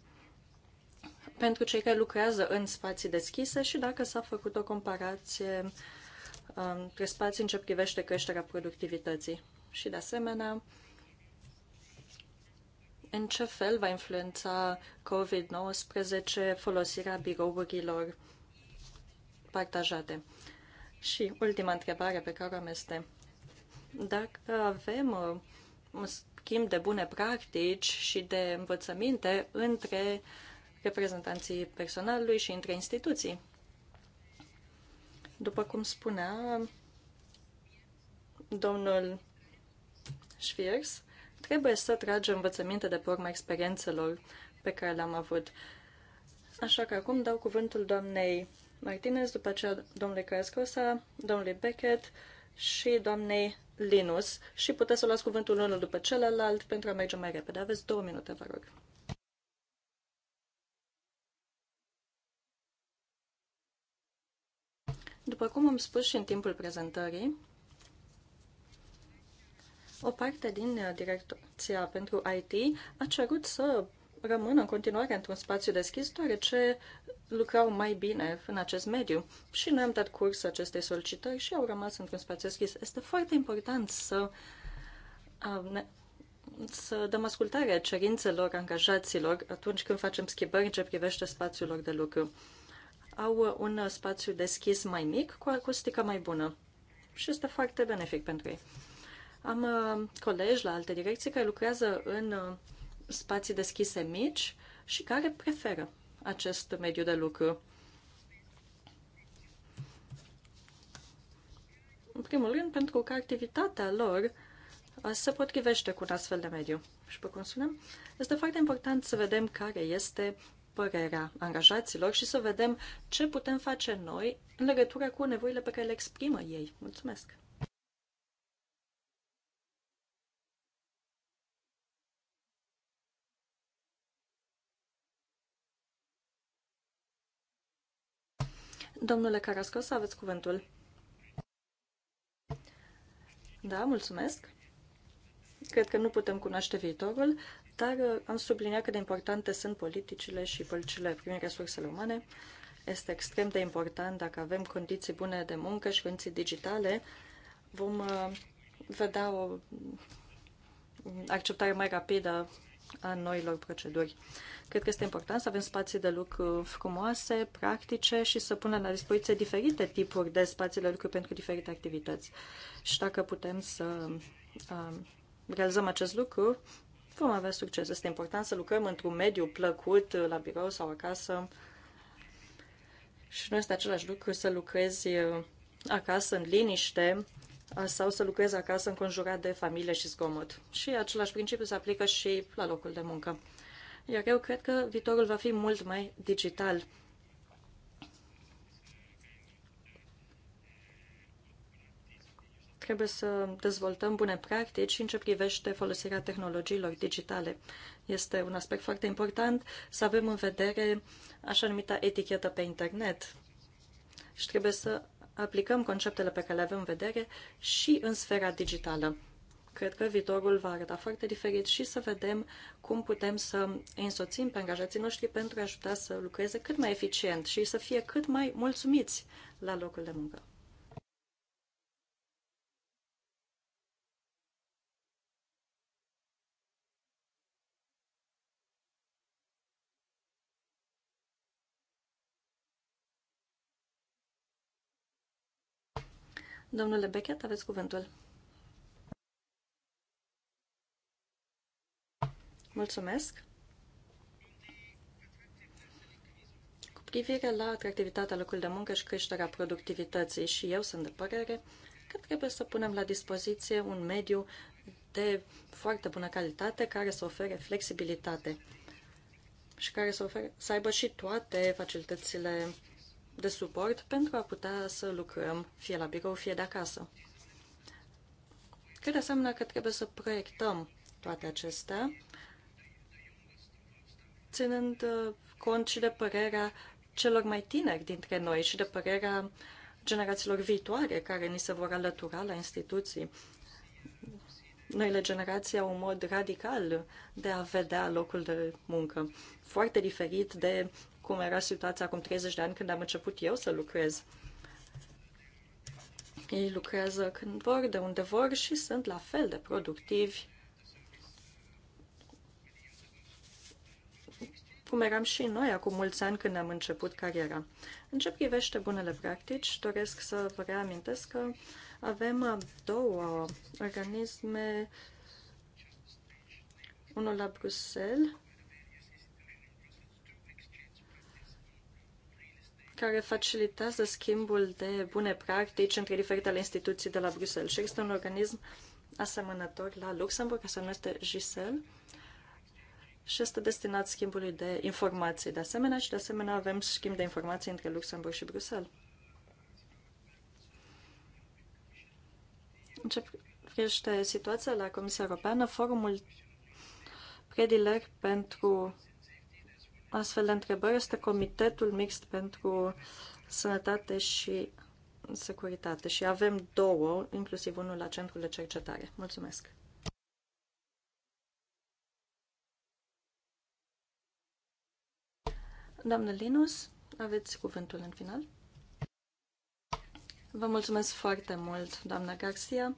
pentru cei care lucrează în spații deschise și dacă s-a făcut o comparație uh, între spații în ce privește creșterea productivității. Și, de asemenea, în ce fel va influența COVID-19 folosirea birourilor partajate. Și ultima întrebare pe care o am este, dacă avem uh, un schimb de bune practici și de învățăminte între reprezentanții personalului și între instituții. După cum spunea domnul Schwierz, trebuie să tragem învățăminte de pe urma experiențelor pe care le-am avut. Așa că acum dau cuvântul doamnei Martinez, după aceea domnului Crescosa, domnului Beckett și doamnei Linus și puteți să luați cuvântul unul după celălalt pentru a merge mai repede. Aveți două minute, vă rog. După cum am spus și în timpul prezentării, o parte din uh, direcția pentru IT a cerut să rămână în continuare într-un spațiu deschis, deoarece lucrau mai bine în acest mediu. Și noi am dat curs acestei solicitări și au rămas într-un spațiu deschis. Este foarte important să, uh, să dăm ascultare cerințelor angajaților atunci când facem schimbări în ce privește spațiul lor de lucru. Au uh, un spațiu deschis mai mic, cu acustică mai bună. Și este foarte benefic pentru ei. Am uh, colegi la alte direcții care lucrează în uh, spații deschise mici și care preferă acest mediu de lucru. În primul rând, pentru că activitatea lor uh, se potrivește cu un astfel de mediu. Și, pe cum spunem, este foarte important să vedem care este părerea angajaților și să vedem ce putem face noi în legătură cu nevoile pe care le exprimă ei. Mulțumesc! Domnule să aveți cuvântul. Da, mulțumesc. Cred că nu putem cunoaște viitorul, dar uh, am subliniat cât de importante sunt politicile și politicile privind resursele umane. Este extrem de important dacă avem condiții bune de muncă și condiții digitale, vom uh, vedea o acceptare mai rapidă a noilor proceduri. Cred că este important să avem spații de lucru frumoase, practice și să punem la dispoziție diferite tipuri de spații de lucru pentru diferite activități. Și dacă putem să um, realizăm acest lucru, vom avea succes. Este important să lucrăm într-un mediu plăcut, uh, la birou sau acasă. Și nu este același lucru să lucrezi uh, acasă în liniște uh, sau să lucrezi acasă înconjurat de familie și zgomot. Și același principiu se aplică și la locul de muncă. Iar eu cred că viitorul va fi mult mai digital. Trebuie să dezvoltăm bune practici în ce privește folosirea tehnologiilor digitale. Este un aspect foarte important să avem în vedere așa numita etichetă pe internet. Și trebuie să aplicăm conceptele pe care le avem în vedere și în sfera digitală. Cred că viitorul va arăta foarte diferit și să vedem cum putem să însoțim pe angajații noștri pentru a ajuta să lucreze cât mai eficient și să fie cât mai mulțumiți la locul de muncă. Domnule Beckett, aveți cuvântul. Mulțumesc! Cu privire la atractivitatea locului de muncă și creșterea productivității, și eu sunt de părere că trebuie să punem la dispoziție un mediu de foarte bună calitate care să ofere flexibilitate și care să, ofere, să aibă și toate facilitățile de suport pentru a putea să lucrăm fie la birou, fie de acasă. Cred de asemenea că trebuie să proiectăm toate acestea ținând uh, cont și de părerea celor mai tineri dintre noi și de părerea generațiilor viitoare care ni se vor alătura la instituții. Noile generații au un mod radical de a vedea locul de muncă, foarte diferit de cum era situația acum 30 de ani când am început eu să lucrez. Ei lucrează când vor, de unde vor și sunt la fel de productivi cum eram și noi acum mulți ani când am început cariera. În ce privește bunele practici, doresc să vă reamintesc că avem două organisme, unul la Bruxelles, care facilitează schimbul de bune practici între diferitele instituții de la Bruxelles. Și există un organism asemănător la Luxemburg, care se numește GISEL, și este destinat schimbului de informații. De asemenea, și de asemenea avem schimb de informații între Luxemburg și Bruxelles. În ce privește situația la Comisia Europeană, forumul predilect pentru astfel de întrebări este Comitetul Mixt pentru Sănătate și Securitate și avem două, inclusiv unul la Centrul de Cercetare. Mulțumesc! Doamnă Linus, aveți cuvântul în final. Vă mulțumesc foarte mult, doamna Garcia.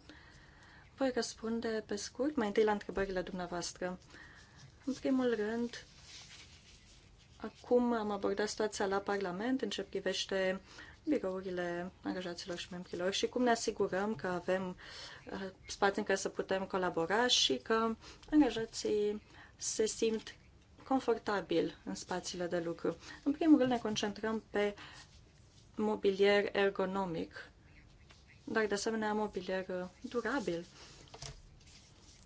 Voi răspunde pe scurt, mai întâi la întrebările dumneavoastră. În primul rând, acum am abordat situația la Parlament în ce privește birourile angajaților și membrilor și cum ne asigurăm că avem uh, spații în care să putem colabora și că angajații se simt confortabil în spațiile de lucru. În primul rând ne concentrăm pe mobilier ergonomic, dar de asemenea mobilier uh, durabil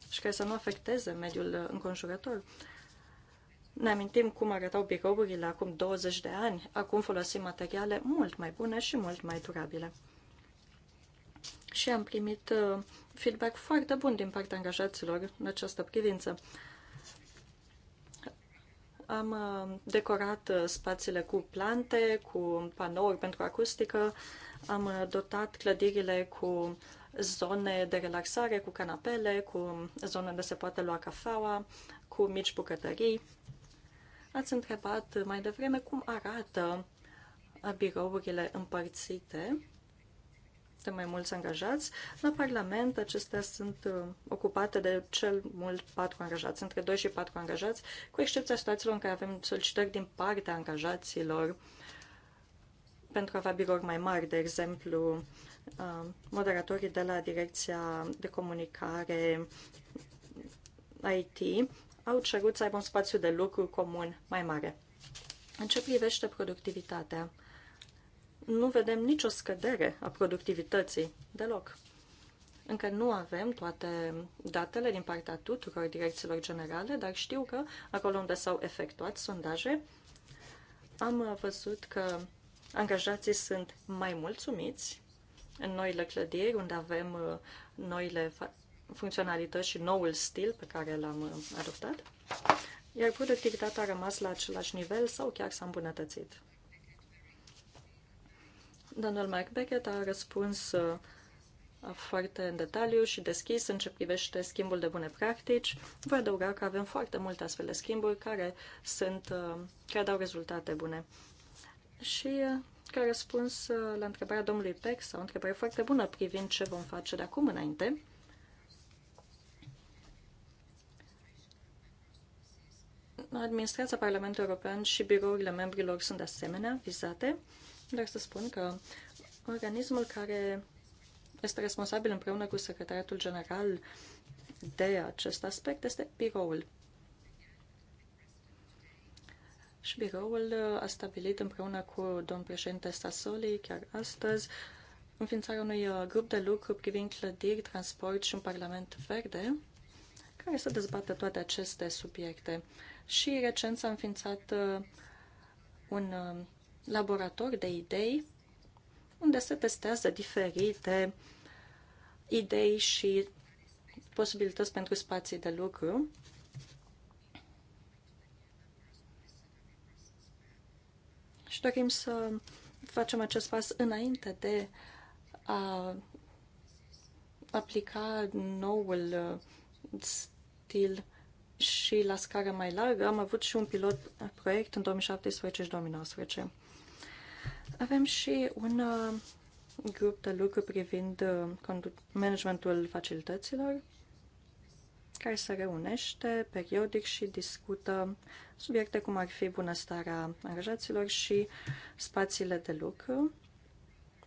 și care să nu afecteze mediul uh, înconjurător. Ne amintim cum arătau birourile acum 20 de ani, acum folosim materiale mult mai bune și mult mai durabile. Și am primit uh, feedback foarte bun din partea angajaților în această privință. Am uh, decorat uh, spațiile cu plante, cu panouri pentru acustică, am uh, dotat clădirile cu zone de relaxare, cu canapele, cu zone unde se poate lua cafeaua, cu mici bucătării. Ați întrebat mai devreme cum arată birourile împărțite de mai mulți angajați. La Parlament acestea sunt uh, ocupate de cel mult patru angajați, între 2 și 4 angajați, cu excepția situațiilor în care avem solicitări din partea angajaților pentru a avea birouri mai mari, de exemplu, uh, moderatorii de la Direcția de Comunicare IT au cerut să aibă un spațiu de lucru comun mai mare. În ce privește productivitatea, nu vedem nicio scădere a productivității deloc. Încă nu avem toate datele din partea tuturor direcțiilor generale, dar știu că acolo unde s-au efectuat sondaje, am văzut că angajații sunt mai mulțumiți în noile clădiri, unde avem uh, noile funcționalități și noul stil pe care l-am uh, adoptat, iar productivitatea a rămas la același nivel sau chiar s-a îmbunătățit. Domnul Mark Beckett a răspuns uh, foarte în detaliu și deschis în ce privește schimbul de bune practici. Voi adăuga că avem foarte multe astfel de schimburi care, sunt, uh, care dau rezultate bune. Și uh, ca răspuns la întrebarea domnului Peck, sau o întrebare foarte bună privind ce vom face de acum înainte, Administrația Parlamentului European și birourile membrilor sunt de asemenea vizate. Dar să spun că organismul care este responsabil împreună cu Secretariatul General de acest aspect este biroul. Și biroul a stabilit împreună cu domnul președinte Stasoli, chiar astăzi, înființarea unui uh, grup de lucru privind clădiri, transport și un parlament verde, care să dezbată toate aceste subiecte. Și recent s-a înființat uh, un uh, laborator de idei unde se testează diferite idei și posibilități pentru spații de lucru. Și dorim să facem acest pas înainte de a aplica noul uh, stil și la scară mai largă. Am avut și un pilot proiect în 2017 și 2019. Avem și un uh, grup de lucru privind uh, managementul facilităților, care se reunește periodic și discută subiecte cum ar fi bunăstarea angajaților și spațiile de lucru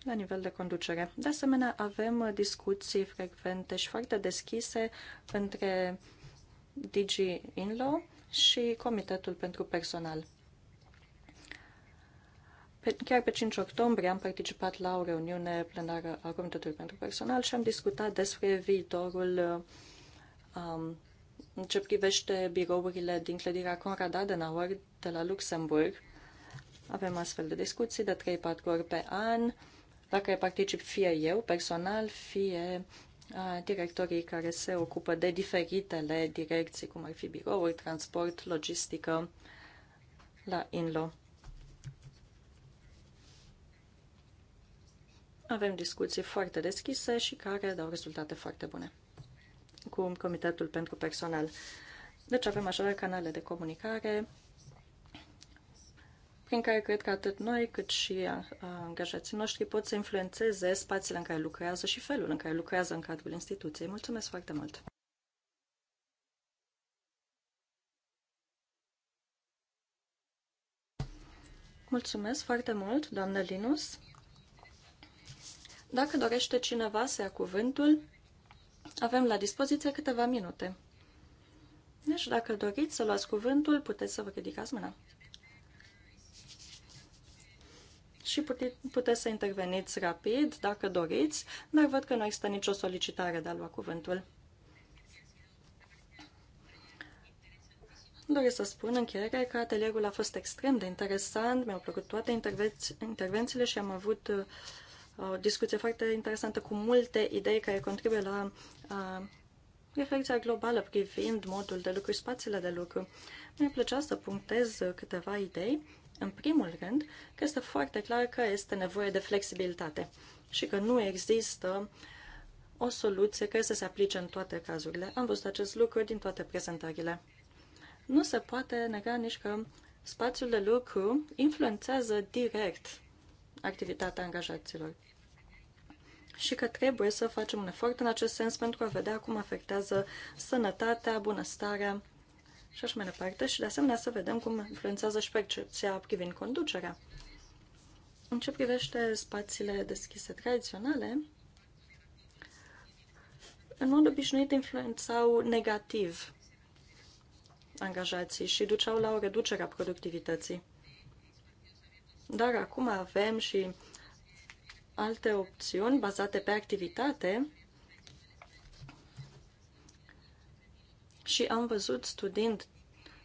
la nivel de conducere. De asemenea, avem uh, discuții frecvente și foarte deschise între DG Inlo și Comitetul pentru Personal. Pe, chiar pe 5 octombrie am participat la o reuniune plenară a Comitetului pentru Personal și am discutat despre viitorul um, în ce privește birourile din clădirea Conrad Adenauer de la Luxemburg. Avem astfel de discuții de 3-4 ori pe an, la care particip fie eu personal, fie uh, directorii care se ocupă de diferitele direcții, cum ar fi birouri, transport, logistică, la INLO. Avem discuții foarte deschise și care dau rezultate foarte bune cu Comitetul pentru Personal. Deci avem așa canale de comunicare prin care cred că atât noi cât și uh, angajații noștri pot să influențeze spațiile în care lucrează și felul în care lucrează în cadrul instituției. Mulțumesc foarte mult! Mulțumesc foarte mult, doamnă Linus! Dacă dorește cineva să ia cuvântul, avem la dispoziție câteva minute. Deci, dacă doriți să luați cuvântul, puteți să vă ridicați mâna. Și pute puteți să interveniți rapid, dacă doriți, dar văd că nu există nicio solicitare de a lua cuvântul. Doresc să spun în încheiere că atelierul a fost extrem de interesant, mi-au plăcut toate intervențiile și am avut o discuție foarte interesantă cu multe idei care contribuie la a, reflecția globală privind modul de lucru și spațiile de lucru. Mi-a plăcea să punctez câteva idei. În primul rând, că este foarte clar că este nevoie de flexibilitate și că nu există o soluție care să se aplice în toate cazurile. Am văzut acest lucru din toate prezentările. Nu se poate nega nici că spațiul de lucru influențează direct activitatea angajaților. Și că trebuie să facem un efort în acest sens pentru a vedea cum afectează sănătatea, bunăstarea și așa mai departe și de asemenea să vedem cum influențează și percepția privind conducerea. În ce privește spațiile deschise tradiționale, în mod obișnuit influențau negativ angajații și duceau la o reducere a productivității. Dar acum avem și alte opțiuni bazate pe activitate și am văzut studiind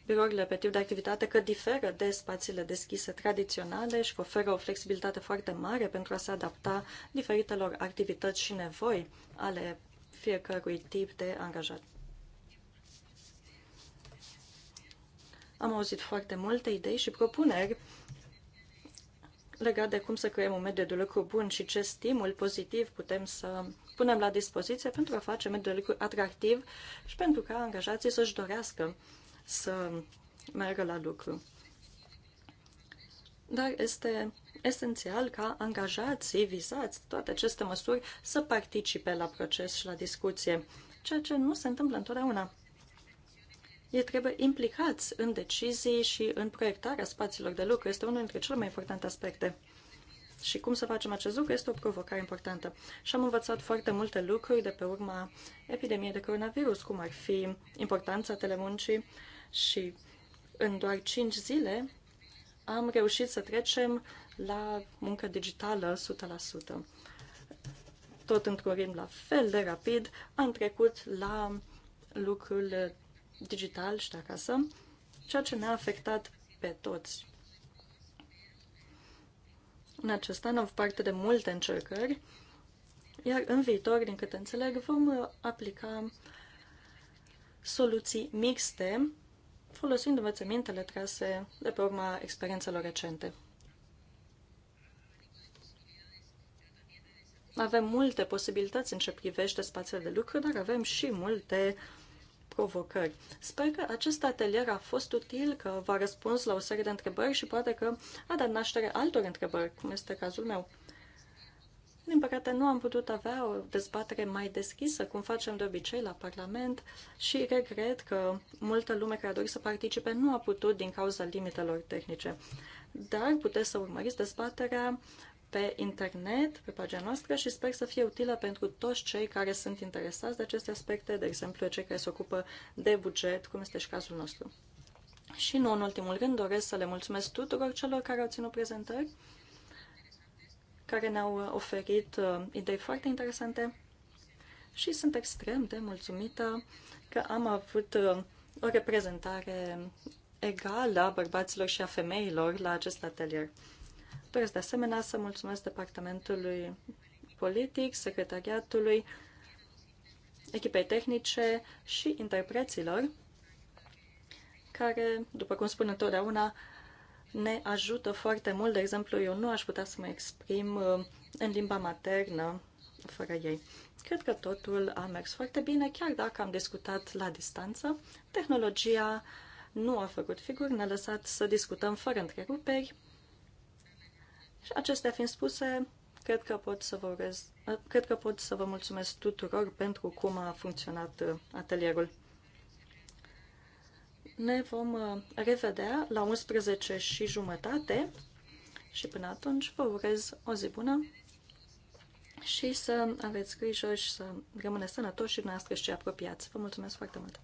birourile pe tip de activitate că diferă de spațiile deschise tradiționale și că oferă o flexibilitate foarte mare pentru a se adapta diferitelor activități și nevoi ale fiecărui tip de angajat. Am auzit foarte multe idei și propuneri legat de cum să creăm un mediu de lucru bun și ce stimul pozitiv putem să punem la dispoziție pentru a face mediul de lucru atractiv și pentru ca angajații să-și dorească să meargă la lucru. Dar este esențial ca angajații vizați toate aceste măsuri să participe la proces și la discuție, ceea ce nu se întâmplă întotdeauna ei trebuie implicați în decizii și în proiectarea spațiilor de lucru. Este unul dintre cele mai importante aspecte. Și cum să facem acest lucru este o provocare importantă. Și am învățat foarte multe lucruri de pe urma epidemiei de coronavirus, cum ar fi importanța telemuncii și în doar 5 zile am reușit să trecem la muncă digitală 100%. Tot într-un ritm la fel de rapid am trecut la lucrul digital și de acasă, ceea ce ne-a afectat pe toți. În acest an am avut parte de multe încercări, iar în viitor, din câte înțeleg, vom uh, aplica soluții mixte, folosind învățămintele trase de pe urma experiențelor recente. Avem multe posibilități în ce privește spațiile de lucru, dar avem și multe provocări. Sper că acest atelier a fost util, că v-a răspuns la o serie de întrebări și poate că a dat naștere altor întrebări, cum este cazul meu. Din păcate, nu am putut avea o dezbatere mai deschisă, cum facem de obicei la Parlament și regret că multă lume care a dorit să participe nu a putut din cauza limitelor tehnice. Dar puteți să urmăriți dezbaterea pe internet, pe pagina noastră și sper să fie utilă pentru toți cei care sunt interesați de aceste aspecte, de exemplu cei care se ocupă de buget, cum este și cazul nostru. Și nu în ultimul rând doresc să le mulțumesc tuturor celor care au ținut prezentări, care ne-au oferit uh, idei foarte interesante și sunt extrem de mulțumită că am avut uh, o reprezentare egală a bărbaților și a femeilor la acest atelier. Doresc de asemenea să mulțumesc departamentului politic, secretariatului, echipei tehnice și interpreților, care, după cum spun întotdeauna, ne ajută foarte mult. De exemplu, eu nu aș putea să mă exprim uh, în limba maternă fără ei. Cred că totul a mers foarte bine, chiar dacă am discutat la distanță. Tehnologia nu a făcut figuri, ne-a lăsat să discutăm fără întreruperi și acestea fiind spuse, cred că pot să vă urez, cred că pot să vă mulțumesc tuturor pentru cum a funcționat uh, atelierul. Ne vom uh, revedea la 11 și jumătate și până atunci vă urez o zi bună și să aveți grijă și să rămâneți sănătoși și dumneavoastră și apropiați. Vă mulțumesc foarte mult!